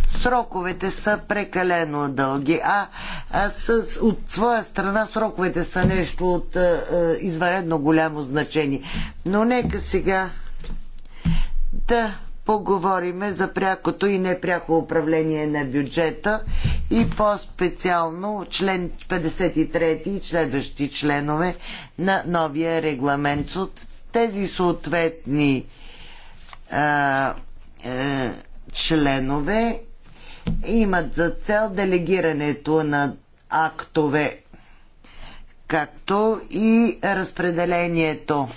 сроковете са прекалено дълги, а, а с, от своя страна сроковете са нещо от а, а, изваредно голямо значение. Но нека сега да поговорим за прякото и непряко управление на бюджета и по-специално член 53 и следващи членове на новия регламент. тези съответни а, е, членове имат за цел делегирането на актове, както и разпределението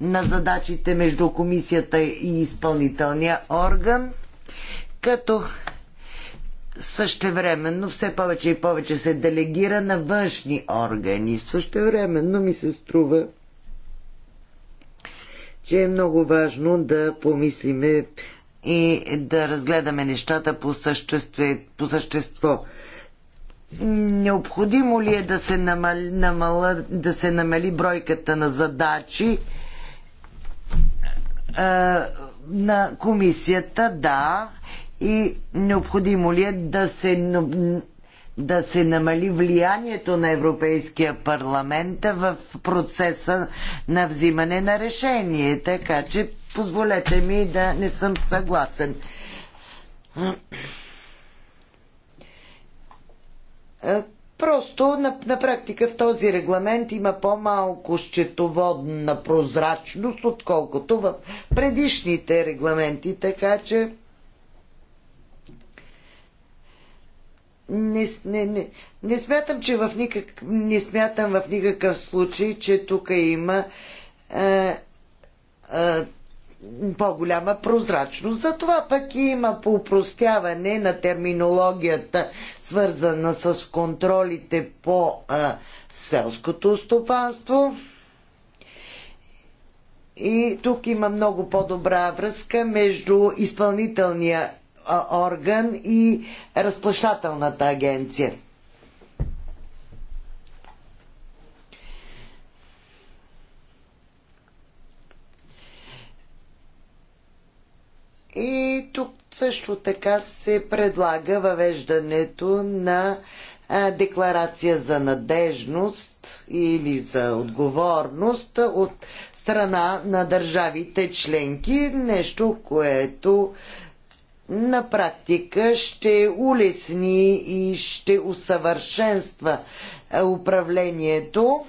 на задачите между комисията и изпълнителния орган, като същевременно все повече и повече се делегира на външни органи. Същевременно ми се струва, че е много важно да помислиме и да разгледаме нещата по същество. По същество. Необходимо ли е да се, намали, намала, да се намали бройката на задачи а, на комисията? Да. И необходимо ли е да се да се намали влиянието на Европейския парламент в процеса на взимане на решение. Така че позволете ми да не съм съгласен. Е, просто на, на практика в този регламент има по-малко счетоводна прозрачност, отколкото в предишните регламенти, така че не, не, не, не смятам, че в никак, не смятам в никакъв случай, че тук има е, е, по-голяма прозрачност. Затова пък и има поупростяване на терминологията, свързана с контролите по е, селското стопанство. И тук има много по-добра връзка между изпълнителния орган и разплащателната агенция. И тук също така се предлага въвеждането на декларация за надежност или за отговорност от страна на държавите членки, нещо, което на практика ще улесни и ще усъвършенства е, управлението,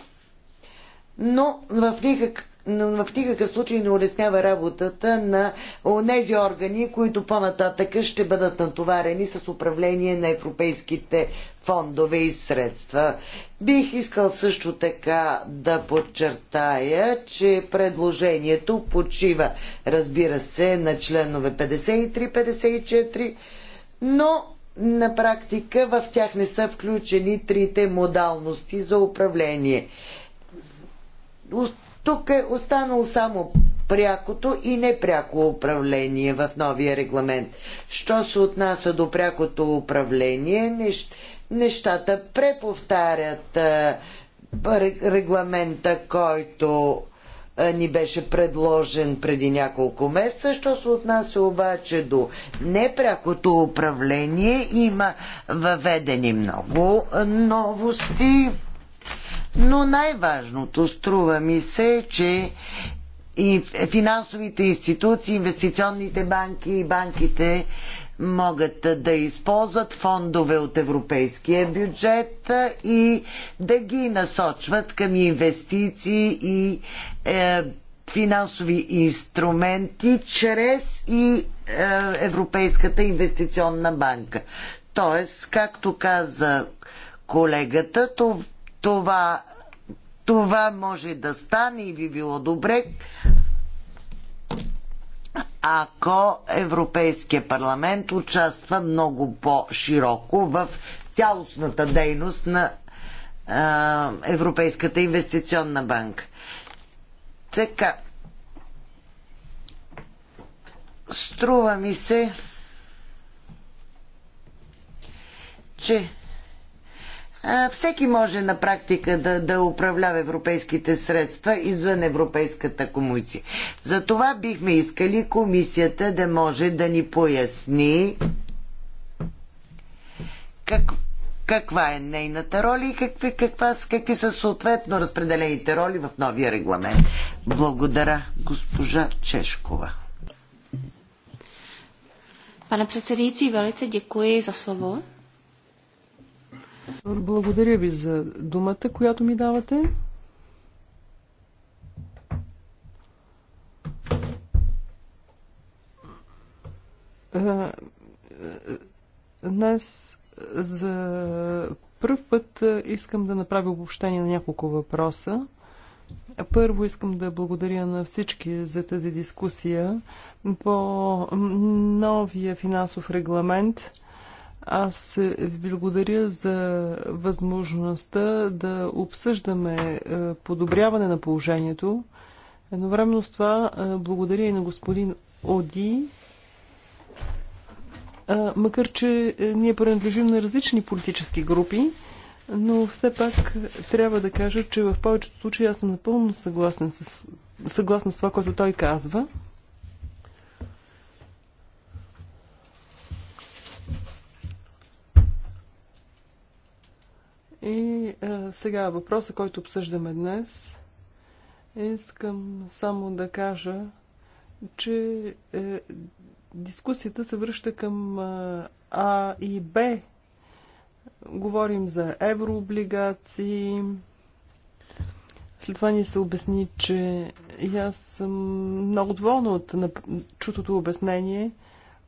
но в никакъв но в никакъв случай не улеснява работата на тези органи, които по-нататък ще бъдат натоварени с управление на европейските фондове и средства. Бих искал също така да подчертая, че предложението почива, разбира се, на членове 53-54, но на практика в тях не са включени трите модалности за управление тук е останало само прякото и непряко управление в новия регламент. Що се отнася до прякото управление, нещата преповтарят регламента, който ни беше предложен преди няколко месеца. Що се отнася обаче до непрякото управление, има въведени много новости. Но най-важното струва ми се, че и финансовите институции, инвестиционните банки и банките могат да използват фондове от европейския бюджет и да ги насочват към инвестиции и е, финансови инструменти чрез и е, Европейската инвестиционна банка. Тоест, както каза колегата, то това, това може да стане и би било добре, ако Европейския парламент участва много по-широко в цялостната дейност на а, Европейската инвестиционна банка. Така. Струва ми се, че всеки може на практика да, да управлява европейските средства извън Европейската комисия. Затова бихме искали комисията да може да ни поясни как, каква е нейната роля и какви, каква, какви са съответно разпределените роли в новия регламент. Благодаря, госпожа Чешкова. Pane předsedající, velice děkuji za slovo. Благодаря ви за думата, която ми давате. Днес за първ път искам да направя обобщение на няколко въпроса. Първо искам да благодаря на всички за тази дискусия по новия финансов регламент – аз ви благодаря за възможността да обсъждаме е, подобряване на положението. Едновременно с това е, благодаря и на господин Оди, е, макар че ние принадлежим на различни политически групи, но все пак трябва да кажа, че в повечето случаи аз съм напълно съгласен с, съгласна с това, което той казва. И а, е, сега въпроса, който обсъждаме днес, искам само да кажа, че е, дискусията се връща към а, е, а и Б. Говорим за еврооблигации. След това ни се обясни, че и аз съм много доволна от чутото обяснение –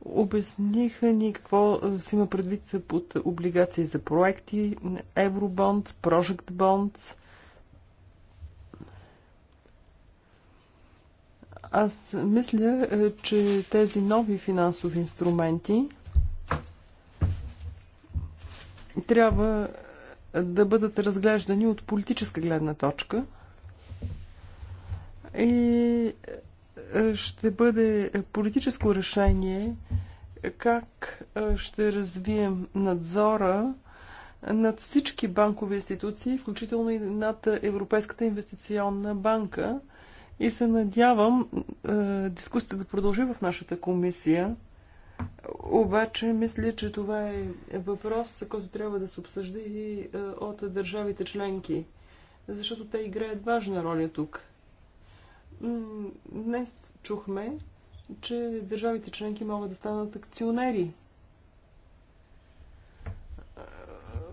Обясниха ни какво е, си има предвид под облигации за проекти, Евробонд, Project Bonds. Аз мисля, е, че тези нови финансови инструменти трябва да бъдат разглеждани от политическа гледна точка. И е, ще бъде политическо решение как ще развием надзора над всички банкови институции, включително и над Европейската инвестиционна банка. И се надявам е, дискусията да продължи в нашата комисия. Обаче, мисля, че това е въпрос, който трябва да се обсъжда и е, от държавите членки, защото те играят важна роля тук. Днес чухме, че държавите членки могат да станат акционери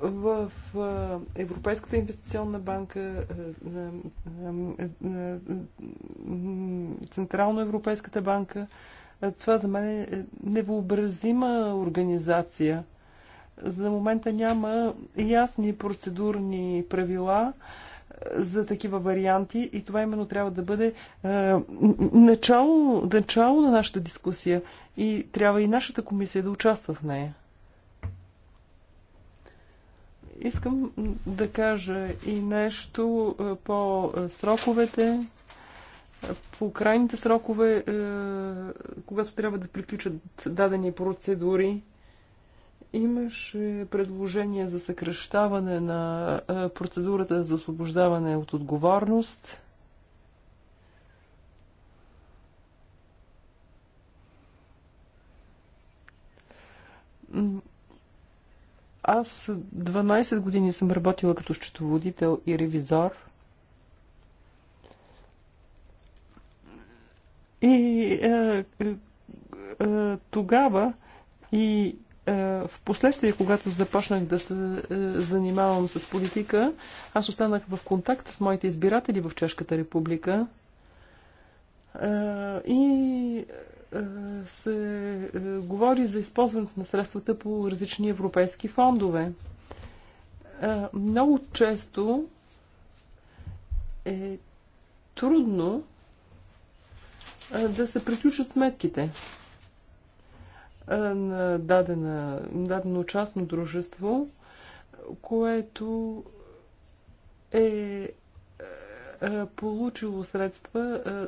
в Европейската инвестиционна банка, Централно Европейската банка. Това за мен е невообразима организация. За момента няма ясни процедурни правила, за такива варианти и това именно трябва да бъде е, начало, начало на нашата дискусия и трябва и нашата комисия да участва в нея. Искам да кажа и нещо е, по е, сроковете, по крайните срокове, е, когато трябва да приключат дадени процедури Имаше предложение за съкръщаване на процедурата за освобождаване от отговорност. Аз 12 години съм работила като счетоводител и ревизор. И е, е, е, тогава и е, в последствие, когато започнах да се е, занимавам с политика, аз останах в контакт с моите избиратели в Чешката република е, и се говори за използването на средствата по различни европейски фондове. Много често е трудно да се приключат сметките. Е, на дадена, дадено частно дружество, което е, е получило средства е,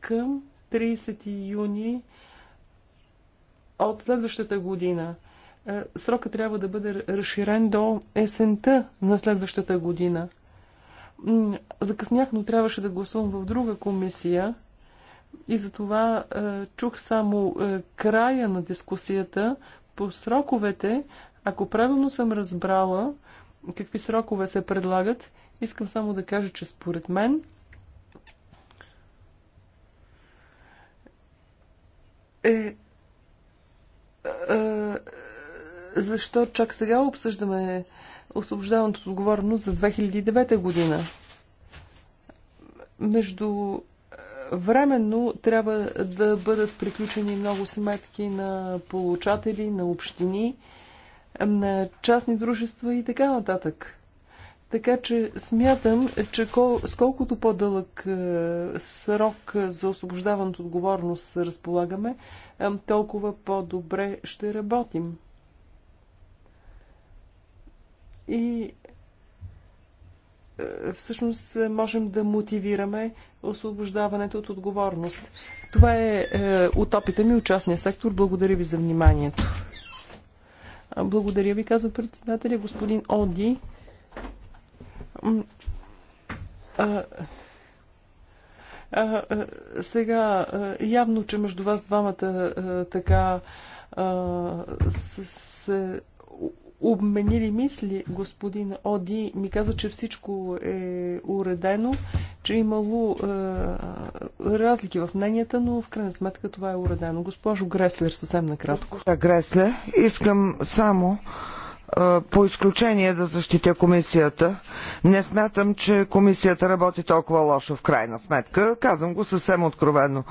към 30 юни от следващата година. Срока трябва да бъде разширен до есента на следващата година. Закъснях, но трябваше да гласувам в друга комисия и затова е, чух само е, края на дискусията по сроковете. Ако правилно съм разбрала какви срокове се предлагат, искам само да кажа, че според мен е, е защо чак сега обсъждаме освобождаването от отговорност за 2009 година. Между Временно трябва да бъдат приключени много сметки на получатели, на общини, на частни дружества и така нататък. Така че смятам, че с колкото по-дълъг е, срок за освобождаването отговорност разполагаме, е, толкова по-добре ще работим. И е, всъщност можем да мотивираме освобождаването от отговорност. Това е, е от опита ми от частния сектор. Благодаря ви за вниманието. Благодаря ви, каза председателя господин Оди. А, а, а, сега, явно, че между вас двамата така се, се обменили мисли. Господин Оди ми каза, че всичко е уредено, че е имало е, разлики в мненията, но в крайна сметка това е уредено. Госпожо Греслер, съвсем накратко. Да, Греслер, искам само е, по изключение да защитя комисията. Не смятам, че комисията работи толкова лошо в крайна сметка. Казвам го съвсем откровенно.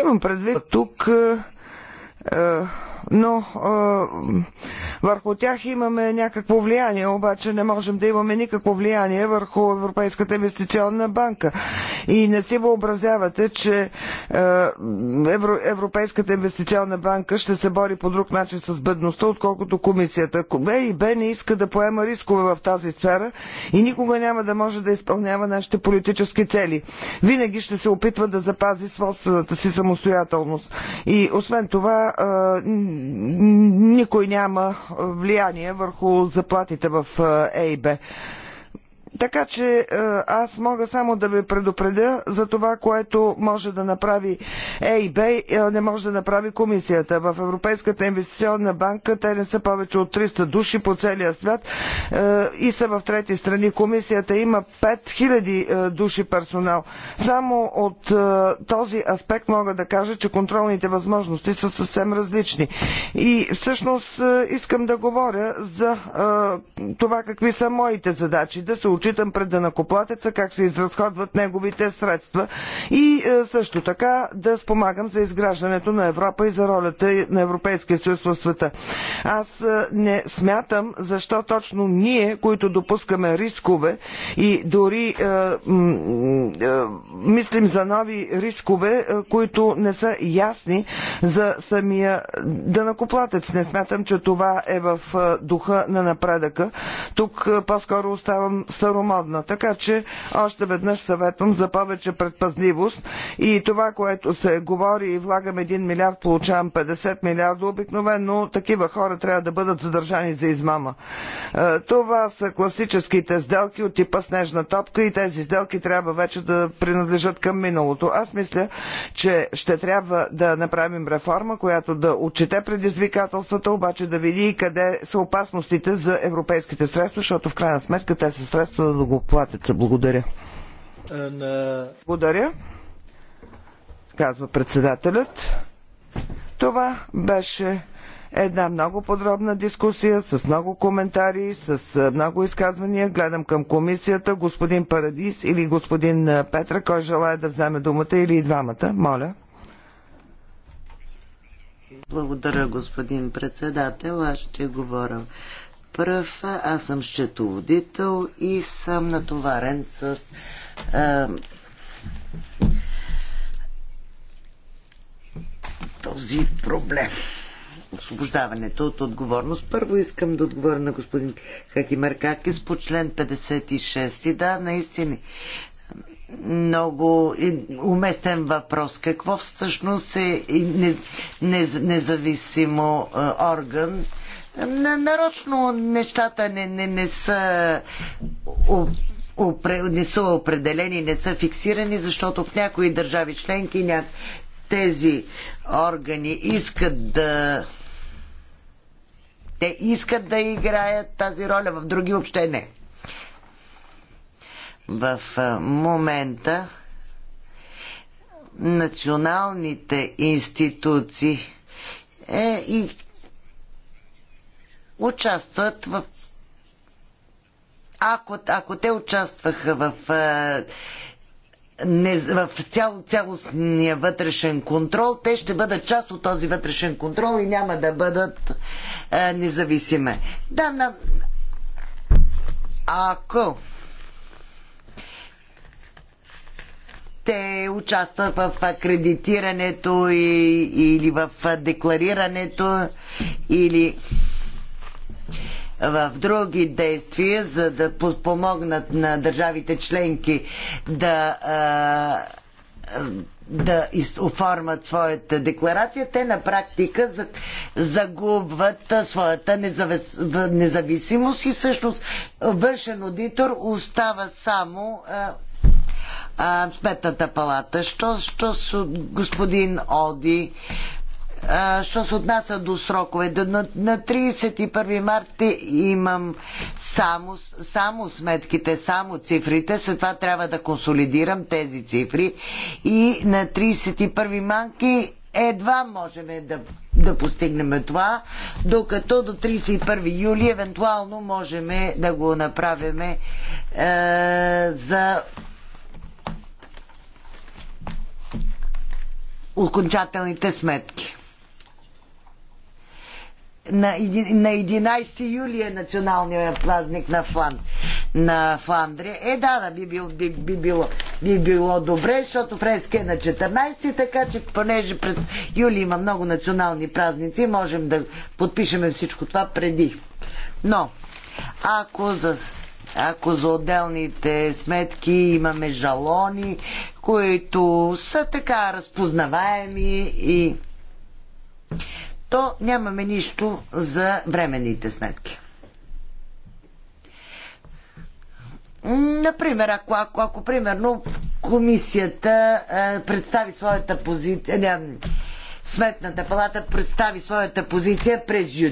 Имам предвид тук е, е но върху тях имаме някакво влияние, обаче не можем да имаме никакво влияние върху Европейската инвестиционна банка. И не си въобразявате, че Европейската инвестиционна банка ще се бори по друг начин с бедността, отколкото комисията. ЕИБ не иска да поема рискове в тази сфера и никога няма да може да изпълнява нашите политически цели. Винаги ще се опитва да запази собствената си самостоятелност. И освен това, никой няма влияние върху заплатите в ЕИБ. Така че е, аз мога само да ви предупредя за това, което може да направи ЕИБ, не може да направи комисията. В Европейската инвестиционна банка те не са повече от 300 души по целия свят е, и са в трети страни. Комисията има 5000 е, души персонал. Само от този аспект мога да кажа, че контролните възможности са съвсем различни. И всъщност искам да говоря за това какви са моите задачи. Да се отчитам пред данакоплатеца как се изразходват неговите средства и е, също така да спомагам за изграждането на Европа и за ролята на Европейския съюз в света. Аз е, не смятам защо точно ние, които допускаме рискове и дори е, е, мислим за нови рискове, е, които не са ясни за самия дънакоплатец. Не смятам, че това е в духа на напредъка. Тук по-скоро оставам съ старомодна. Така че още веднъж съветвам за повече предпазливост и това, което се говори и влагам 1 милиард, получавам 50 милиарда, обикновено такива хора трябва да бъдат задържани за измама. Е, това са класическите сделки от типа снежна топка и тези сделки трябва вече да принадлежат към миналото. Аз мисля, че ще трябва да направим реформа, която да отчете предизвикателствата, обаче да види и къде са опасностите за европейските средства, защото в крайна сметка те са средства качеството да го се. Благодаря. Благодаря, казва председателят. Това беше една много подробна дискусия, с много коментари, с много изказвания. Гледам към комисията господин Парадис или господин Петра, кой желая да вземе думата или и двамата. Моля. Благодаря, господин председател. Аз ще говоря пръв. Аз съм счетоводител и съм натоварен с а, този проблем. Освобождаването от отговорност. Първо искам да отговоря на господин Хакимаркакис по член 56. Да, наистина много уместен въпрос. Какво всъщност е независимо е, орган? Нарочно нещата не, не, не са не са определени, не са фиксирани, защото в някои държави членки тези органи искат да те искат да играят тази роля, в други въобще не. В момента националните институции е, и участват в. Ако, ако те участваха в, е, не, в цяло, цялостния вътрешен контрол, те ще бъдат част от този вътрешен контрол и няма да бъдат е, независими. Да, на... ако те участват в акредитирането, и, или в декларирането или в други действия, за да помогнат на държавите членки да, да оформят своята декларация, те на практика загубват своята независимост и всъщност външен аудитор остава само Сметната палата. Що, що с господин Оди? що се отнася до срокове, на, на 31 марта имам само, само сметките, само цифрите, след това трябва да консолидирам тези цифри и на 31 манки едва можем да, да постигнем това, докато до 31 юли евентуално можем да го направим е, за окончателните сметки. На 11 юли е националният празник на, Флан, на Фландрия. Е, да, да би, бил, би, би, било, би било добре, защото фреска е на 14, така че понеже през юли има много национални празници, можем да подпишем всичко това преди. Но, ако за ако за отделните сметки имаме жалони, които са така разпознаваеми и то нямаме нищо за временните сметки. Например, ако, ако, ако примерно комисията е, представи своята позиция, е, не, сметната палата представи своята позиция през ю,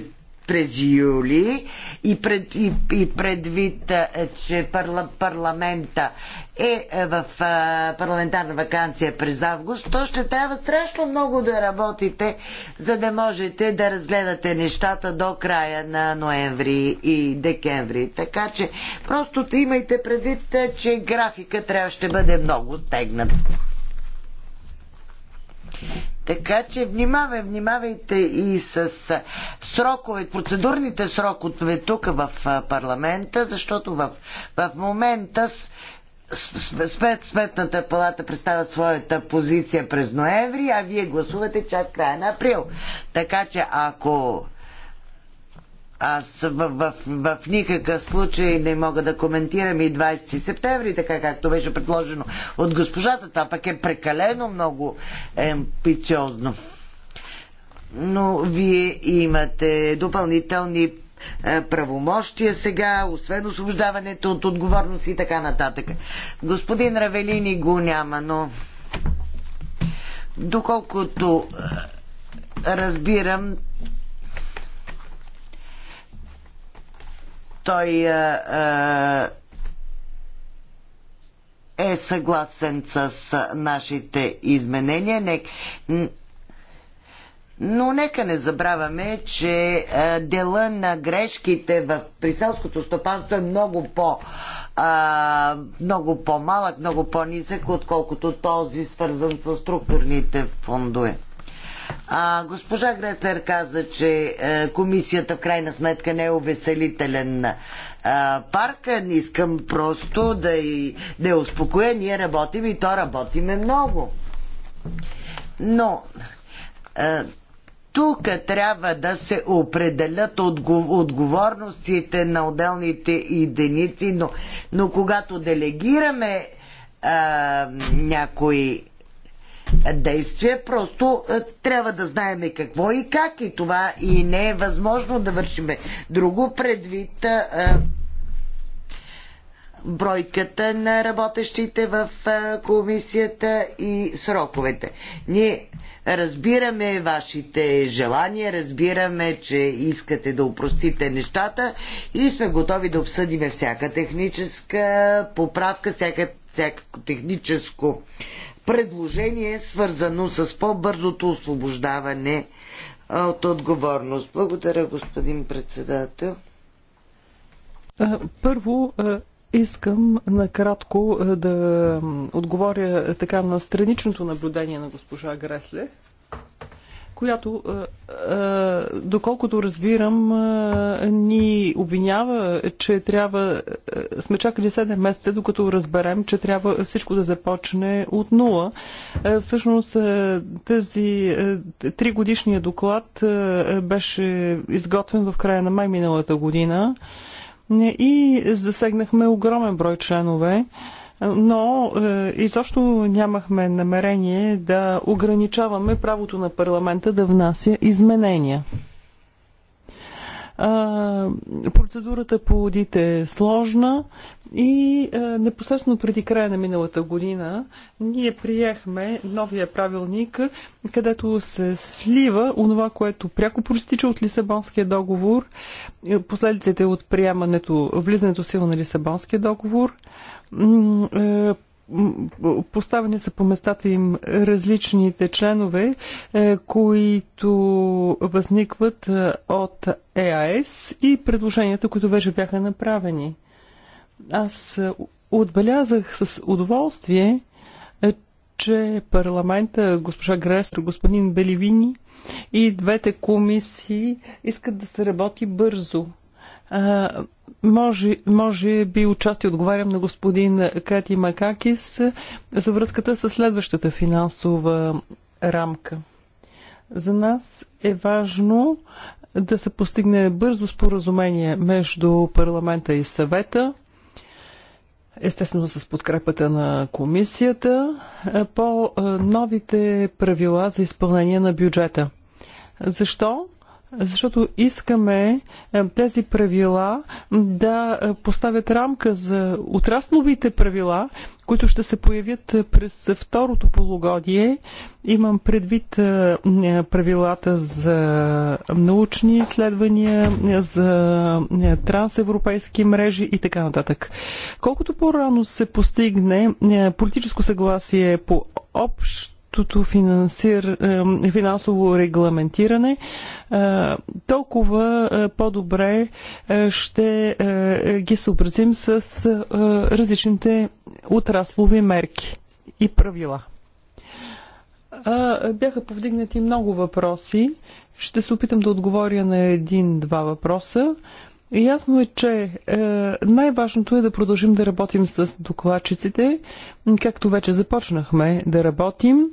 през юли и, пред, и, и предвид, че парла, парламента е, е в а, парламентарна вакансия през август, то ще трябва страшно много да работите, за да можете да разгледате нещата до края на ноември и декември. Така че просто имайте предвид, че графика трябва ще бъде много стегнат. Така че внимавай, внимавайте и с срокове, процедурните срокове тук в парламента, защото в, в момента Смет, сметната палата представя своята позиция през ноември, а вие гласувате чак края на април. Така че ако аз в, в, в никакъв случай не мога да коментирам и 20 септември, така както беше предложено от госпожата. Това пък е прекалено много амбициозно. Но вие имате допълнителни е, правомощия сега, освен освобождаването от отговорност и така нататък. Господин Равелини го няма, но доколкото е, разбирам, той а, е съгласен с нашите изменения. Нек... Но нека не забравяме, че дела на грешките в приселското стопанство е много по а, много по-малък, много по-нисък, отколкото този свързан с структурните фондове. А, госпожа Греслер каза, че е, комисията в крайна сметка не е увеселителен е, парк. Не искам просто да, да я успокоя. Ние работим и то работиме много. Но е, тук трябва да се определят отговорностите на отделните единици, но, но когато делегираме е, някои действие. Просто е, трябва да знаеме какво и как и това и не е възможно да вършиме друго предвид е, бройката на работещите в е, комисията и сроковете. Ние разбираме вашите желания, разбираме, че искате да упростите нещата и сме готови да обсъдиме всяка техническа поправка, всяка, всяка техническо предложение, свързано с по-бързото освобождаване от отговорност. Благодаря, господин председател. Първо, искам накратко да отговоря така на страничното наблюдение на госпожа Гресле която, е, е, доколкото разбирам, е, ни обвинява, че трябва... Сме чакали 7 месеца, докато разберем, че трябва всичко да започне от нула. Всъщност тази тригодишния доклад беше изготвен в края на май миналата година и засегнахме огромен брой членове но е, изобщо нямахме намерение да ограничаваме правото на парламента да внася изменения. Е, процедурата по водите е сложна и е, непосредствено преди края на миналата година ние приехме новия правилник, където се слива онова, което пряко проистича от Лисабонския договор, последиците от приемането, влизането сила на Лисабонския договор – е, поставени са по местата им различните членове, е, които възникват е, от ЕАС и предложенията, които вече бяха направени. Аз отбелязах с удоволствие, че парламента, госпожа Грестро, господин Беливини и двете комисии искат да се работи бързо. Може, може би отчасти отговарям на господин Кати Макакис за връзката с следващата финансова рамка. За нас е важно да се постигне бързо споразумение между парламента и съвета, естествено с подкрепата на комисията, по новите правила за изпълнение на бюджета. Защо? защото искаме е, тези правила да е, поставят рамка за отрасловите правила, които ще се появят е, през второто полугодие. Имам предвид правилата за научни изследвания, за трансевропейски мрежи и така нататък. Колкото по-рано се постигне политическо съгласие по общ общото финансир, финансово регламентиране, е, толкова е, по-добре е, ще ги съобразим с различните отраслови мерки и правила. Бяха повдигнати много въпроси. Ще се опитам да отговоря на един-два въпроса. Ясно е, че е, най-важното е да продължим да работим с докладчиците, както вече започнахме да работим.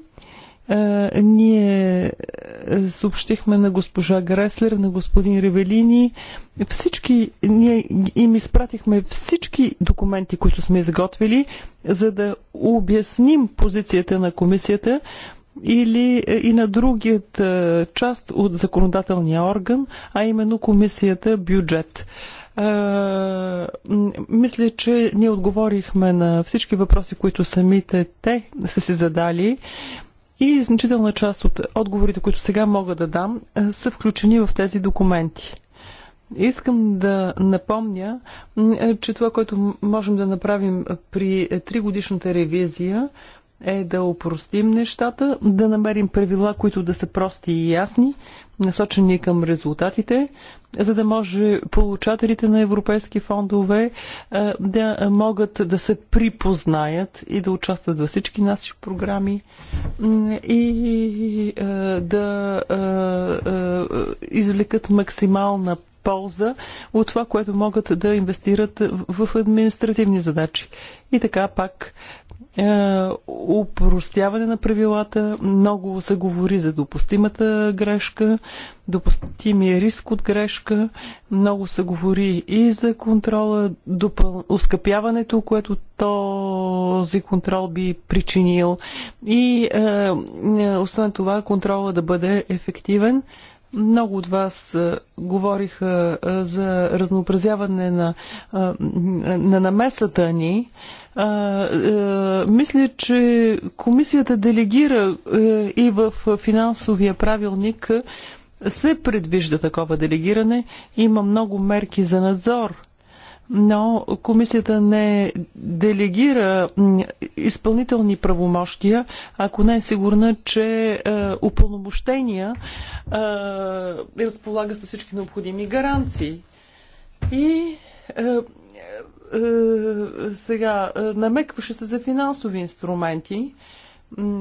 Е, ние е, съобщихме на госпожа Греслер, на господин Ревелини. Всички, ние им изпратихме всички документи, които сме изготвили, за да обясним позицията на комисията или е, и на другият част от законодателния орган, а именно комисията бюджет. Мисля, че ние отговорихме на всички въпроси, които самите те са си задали. И значителна част от отговорите, които сега мога да дам, е, са включени в тези документи. Искам да напомня, е, че това, което можем да направим при е, тригодишната ревизия, е да упростим нещата, да намерим правила, които да са прости и ясни, насочени към резултатите, за да може получателите на европейски фондове е, да могат да се припознаят и да участват във всички наши програми е, и е, да извлекат максимална полза от това, което могат да инвестират в административни задачи. И така пак е, упростяване на правилата. Много се говори за допустимата грешка, допустимия е риск от грешка. Много се говори и за контрола, допъл... ускъпяването, което този контрол би причинил. И е, е освен това, контрола да бъде ефективен. Много от вас говориха за разнообразяване на, на намесата ни. Е, мисля, че комисията делегира е, и в финансовия правилник се предвижда такова делегиране. Има много мерки за надзор, но комисията не делегира изпълнителни правомощия, ако не е сигурна, че е, упълномощения разполага с всички необходими гаранции. И е, сега, е, намекваше се за финансови инструменти.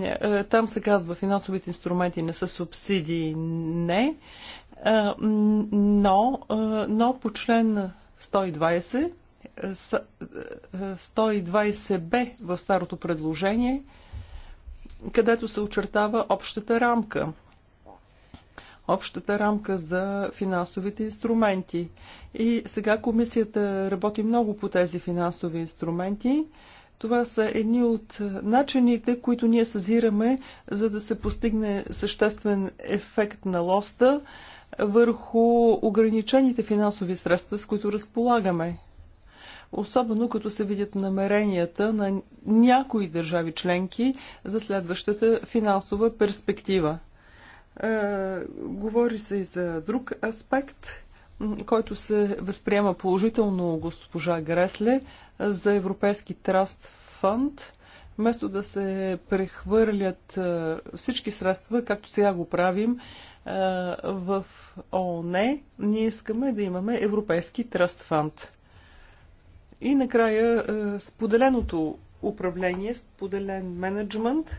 Е, там се казва, финансовите инструменти не са субсидии, не. Но, но по член 120, 120б в старото предложение, където се очертава общата рамка общата рамка за финансовите инструменти. И сега комисията работи много по тези финансови инструменти. Това са едни от начините, които ние съзираме, за да се постигне съществен ефект на лоста върху ограничените финансови средства, с които разполагаме. Особено като се видят намеренията на някои държави членки за следващата финансова перспектива. Е, говори се и за друг аспект – който се възприема положително госпожа Гресле за Европейски траст фонд. Вместо да се прехвърлят е, всички средства, както сега го правим е, в ООН, ние искаме да имаме Европейски траст фонд. И накрая е, споделеното управление, споделен менеджмент.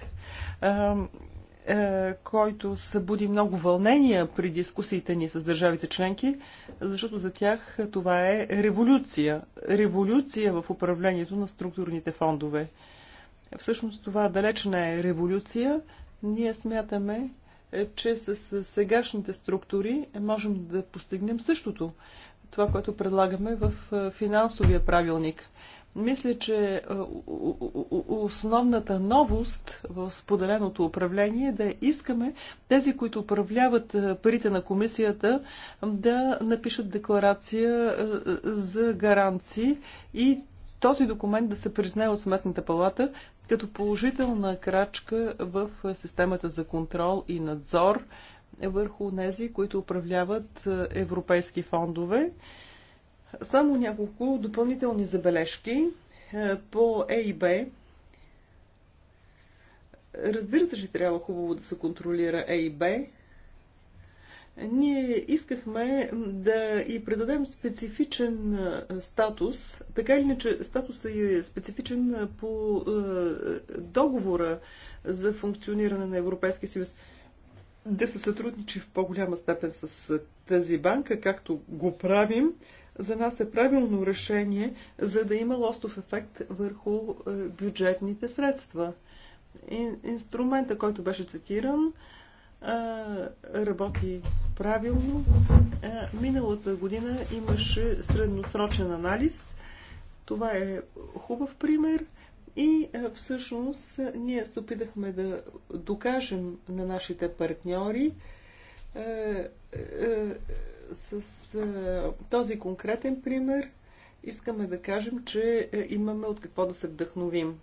Е, който събуди много вълнения при дискусиите ни с държавите членки, защото за тях това е революция. Революция в управлението на структурните фондове. Всъщност това далеч не е революция. Ние смятаме, е, че с сегашните структури можем да постигнем същото. Това, което предлагаме в е, финансовия правилник – мисля, че е, основната новост в споделеното управление е да искаме тези, които управляват е, парите на комисията, да напишат декларация е, за гаранции и този документ да се признае от Сметната палата като положителна крачка в системата за контрол и надзор върху тези, които управляват европейски фондове само няколко допълнителни забележки е, по Е и Б. Разбира се, че трябва хубаво да се контролира Е и Б. Ние искахме да и предадем специфичен е, статус, така или иначе статусът е специфичен е, по договора за функциониране на Европейския съюз, да се сътрудничи в по-голяма степен с тази банка, както го правим, за нас е правилно решение, за да има лостов ефект върху е, бюджетните средства. Инструмента, който беше цитиран, е, работи правилно. Е, миналата година имаше средносрочен анализ. Това е хубав пример. И всъщност ние се опитахме да докажем на нашите партньори, с този конкретен пример искаме да кажем, че е, имаме от какво да се вдъхновим.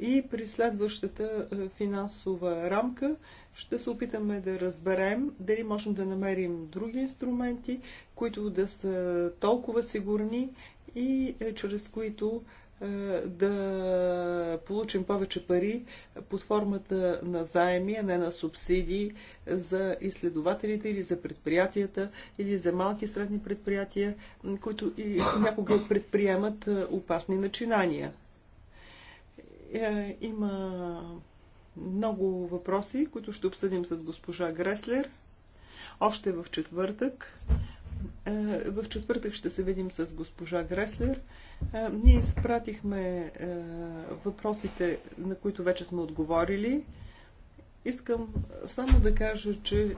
И при следващата е, финансова рамка ще се опитаме да разберем дали можем да намерим други инструменти, които да са толкова сигурни и е, чрез които е, да получим повече пари под формата на заеми, а не на субсидии за изследователите или за предприятията или за малки и средни предприятия, които и някога предприемат е, опасни начинания. Е, има много въпроси, които ще обсъдим с госпожа Греслер още в четвъртък. В четвъртък ще се видим с госпожа Греслер. Ние изпратихме въпросите, на които вече сме отговорили. Искам само да кажа, че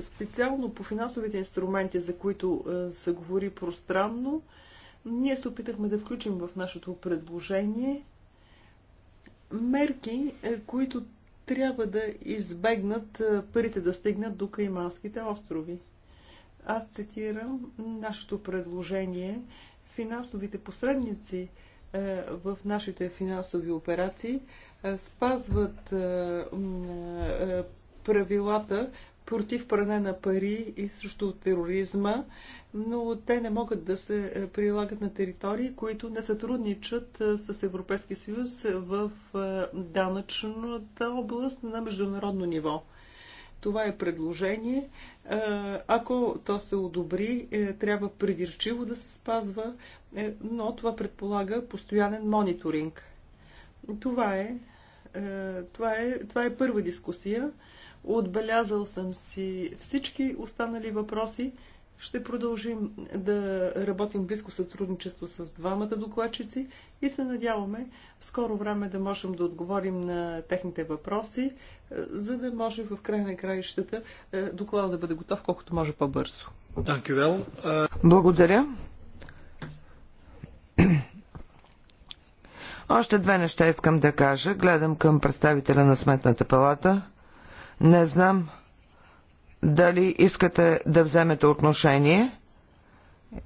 специално по финансовите инструменти, за които се говори пространно, ние се опитахме да включим в нашето предложение мерки, които трябва да избегнат парите да стигнат до Кайманските острови. Аз цитирам нашето предложение. Финансовите посредници е, в нашите финансови операции е, спазват е, правилата против пране на пари и срещу тероризма, но те не могат да се прилагат на територии, които не сътрудничат с Европейския съюз в данъчната област на международно ниво. Това е предложение. Е, ако то се одобри, е, трябва придирчиво да се спазва, е, но това предполага постоянен мониторинг. Това е, това е, това е първа дискусия. Отбелязал съм си всички останали въпроси. Ще продължим да работим близко сътрудничество с двамата докладчици и се надяваме в скоро време да можем да отговорим на техните въпроси, е, за да може в край на краищата е, доклада да бъде готов колкото може по-бързо. Благодаря. Още две неща искам да кажа. Гледам към представителя на Сметната палата. Не знам дали искате да вземете отношение? Е,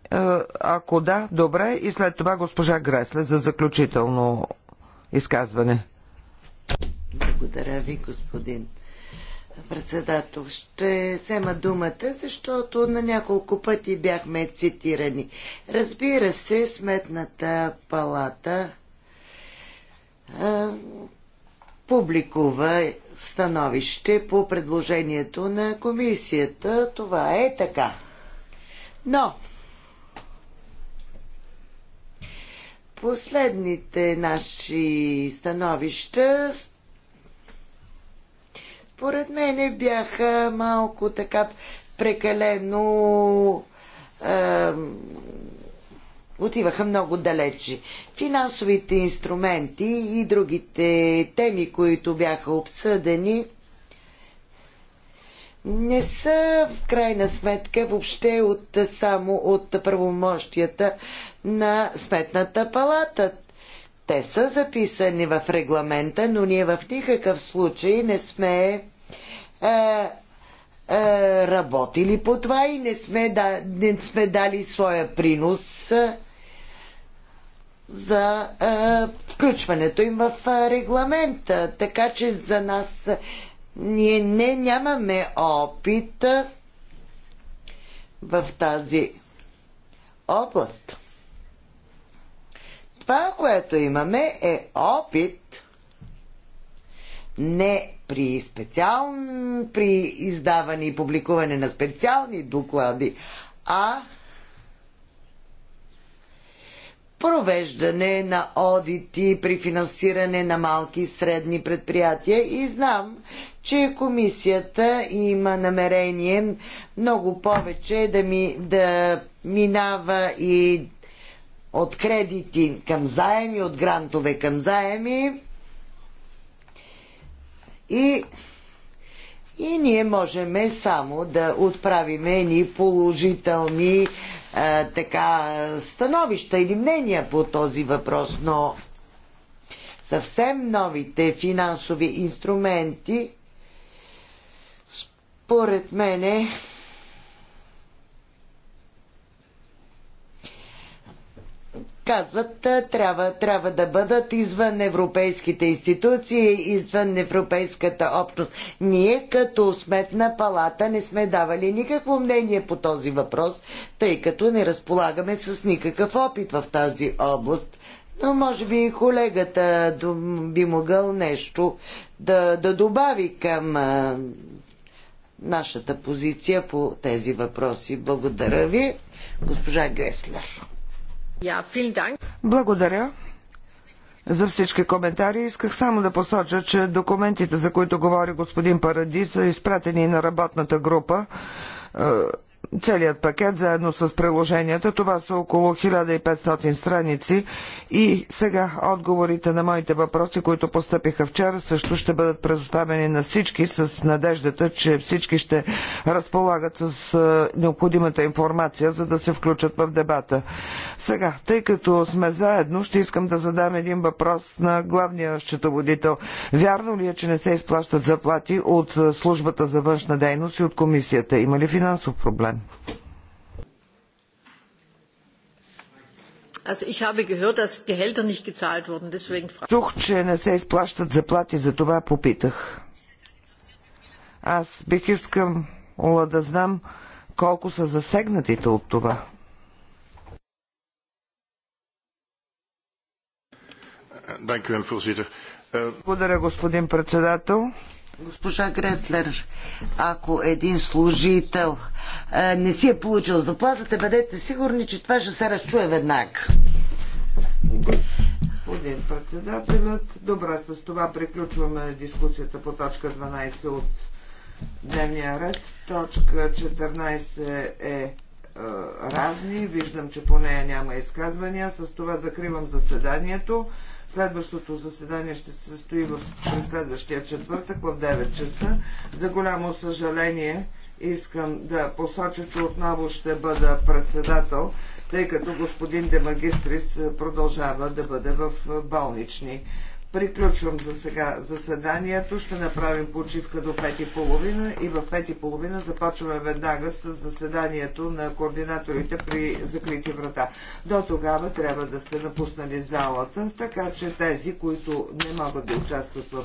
ако да, добре. И след това госпожа Гресле за заключително изказване. Благодаря ви, господин председател. Ще взема думата, защото на няколко пъти бяхме цитирани. Разбира се, Сметната палата а, публикува становище по предложението на комисията. Това е така. Но последните наши становища според мен бяха малко така прекалено е, отиваха много далечи. Финансовите инструменти и другите теми, които бяха обсъдени, не са в крайна сметка въобще от, само от правомощията на Сметната палата. Те са записани в регламента, но ние в никакъв случай не сме е, е, работили по това и не сме, да, не сме дали своя принос е, за а, е, включването им в е, регламента. Така че за нас ние не нямаме опит е, в тази област. Това, което имаме е опит не при, специал... при издаване и публикуване на специални доклади, а провеждане на одити при финансиране на малки и средни предприятия и знам, че комисията има намерение много повече да, ми, да минава и от кредити към заеми, от грантове към заеми. И, и ние можем само да отправиме ни положителни а, така становища или мнения по този въпрос, но съвсем новите финансови инструменти според мене казват, трябва, трябва да бъдат извън европейските институции, извън европейската общност. Ние като сметна палата не сме давали никакво мнение по този въпрос, тъй като не разполагаме с никакъв опит в тази област. Но може би и колегата би могъл нещо да, да добави към а, нашата позиция по тези въпроси. Благодаря ви, госпожа Греслер. Благодаря. За всички коментари исках само да посоча, че документите, за които говори господин Паради, са изпратени на работната група е, целият пакет заедно с приложенията. Това са около 1500 страници и сега отговорите на моите въпроси, които постъпиха вчера, също ще бъдат предоставени на всички с надеждата, че всички ще разполагат с необходимата информация, за да се включат в дебата. Сега, тъй като сме заедно, ще искам да задам един въпрос на главния счетоводител. Вярно ли е, че не се изплащат заплати от службата за външна дейност и от комисията? Има ли финансов проблем? Frage. Чух, че не се изплащат заплати, за това попитах. Аз бих искам да знам колко са засегнатите от това. Благодаря, господин председател. Госпожа Греслер, ако един служител а, не си е получил заплатата, бъдете сигурни, че това ще се разчуе веднага. Господин председателят, добре, с това приключваме дискусията по точка 12 от дневния ред. Точка 14 е, е разни. Виждам, че по нея няма изказвания. С това закривам заседанието. Следващото заседание ще се състои в следващия четвъртък в 9 часа. За голямо съжаление искам да посоча, че отново ще бъда председател, тъй като господин Демагистрис продължава да бъде в болнични Приключвам за сега заседанието. Ще направим почивка до 5.30 и, и в 5.30 започваме веднага с заседанието на координаторите при закрити врата. До тогава трябва да сте напуснали залата, така че тези, които не могат да участват в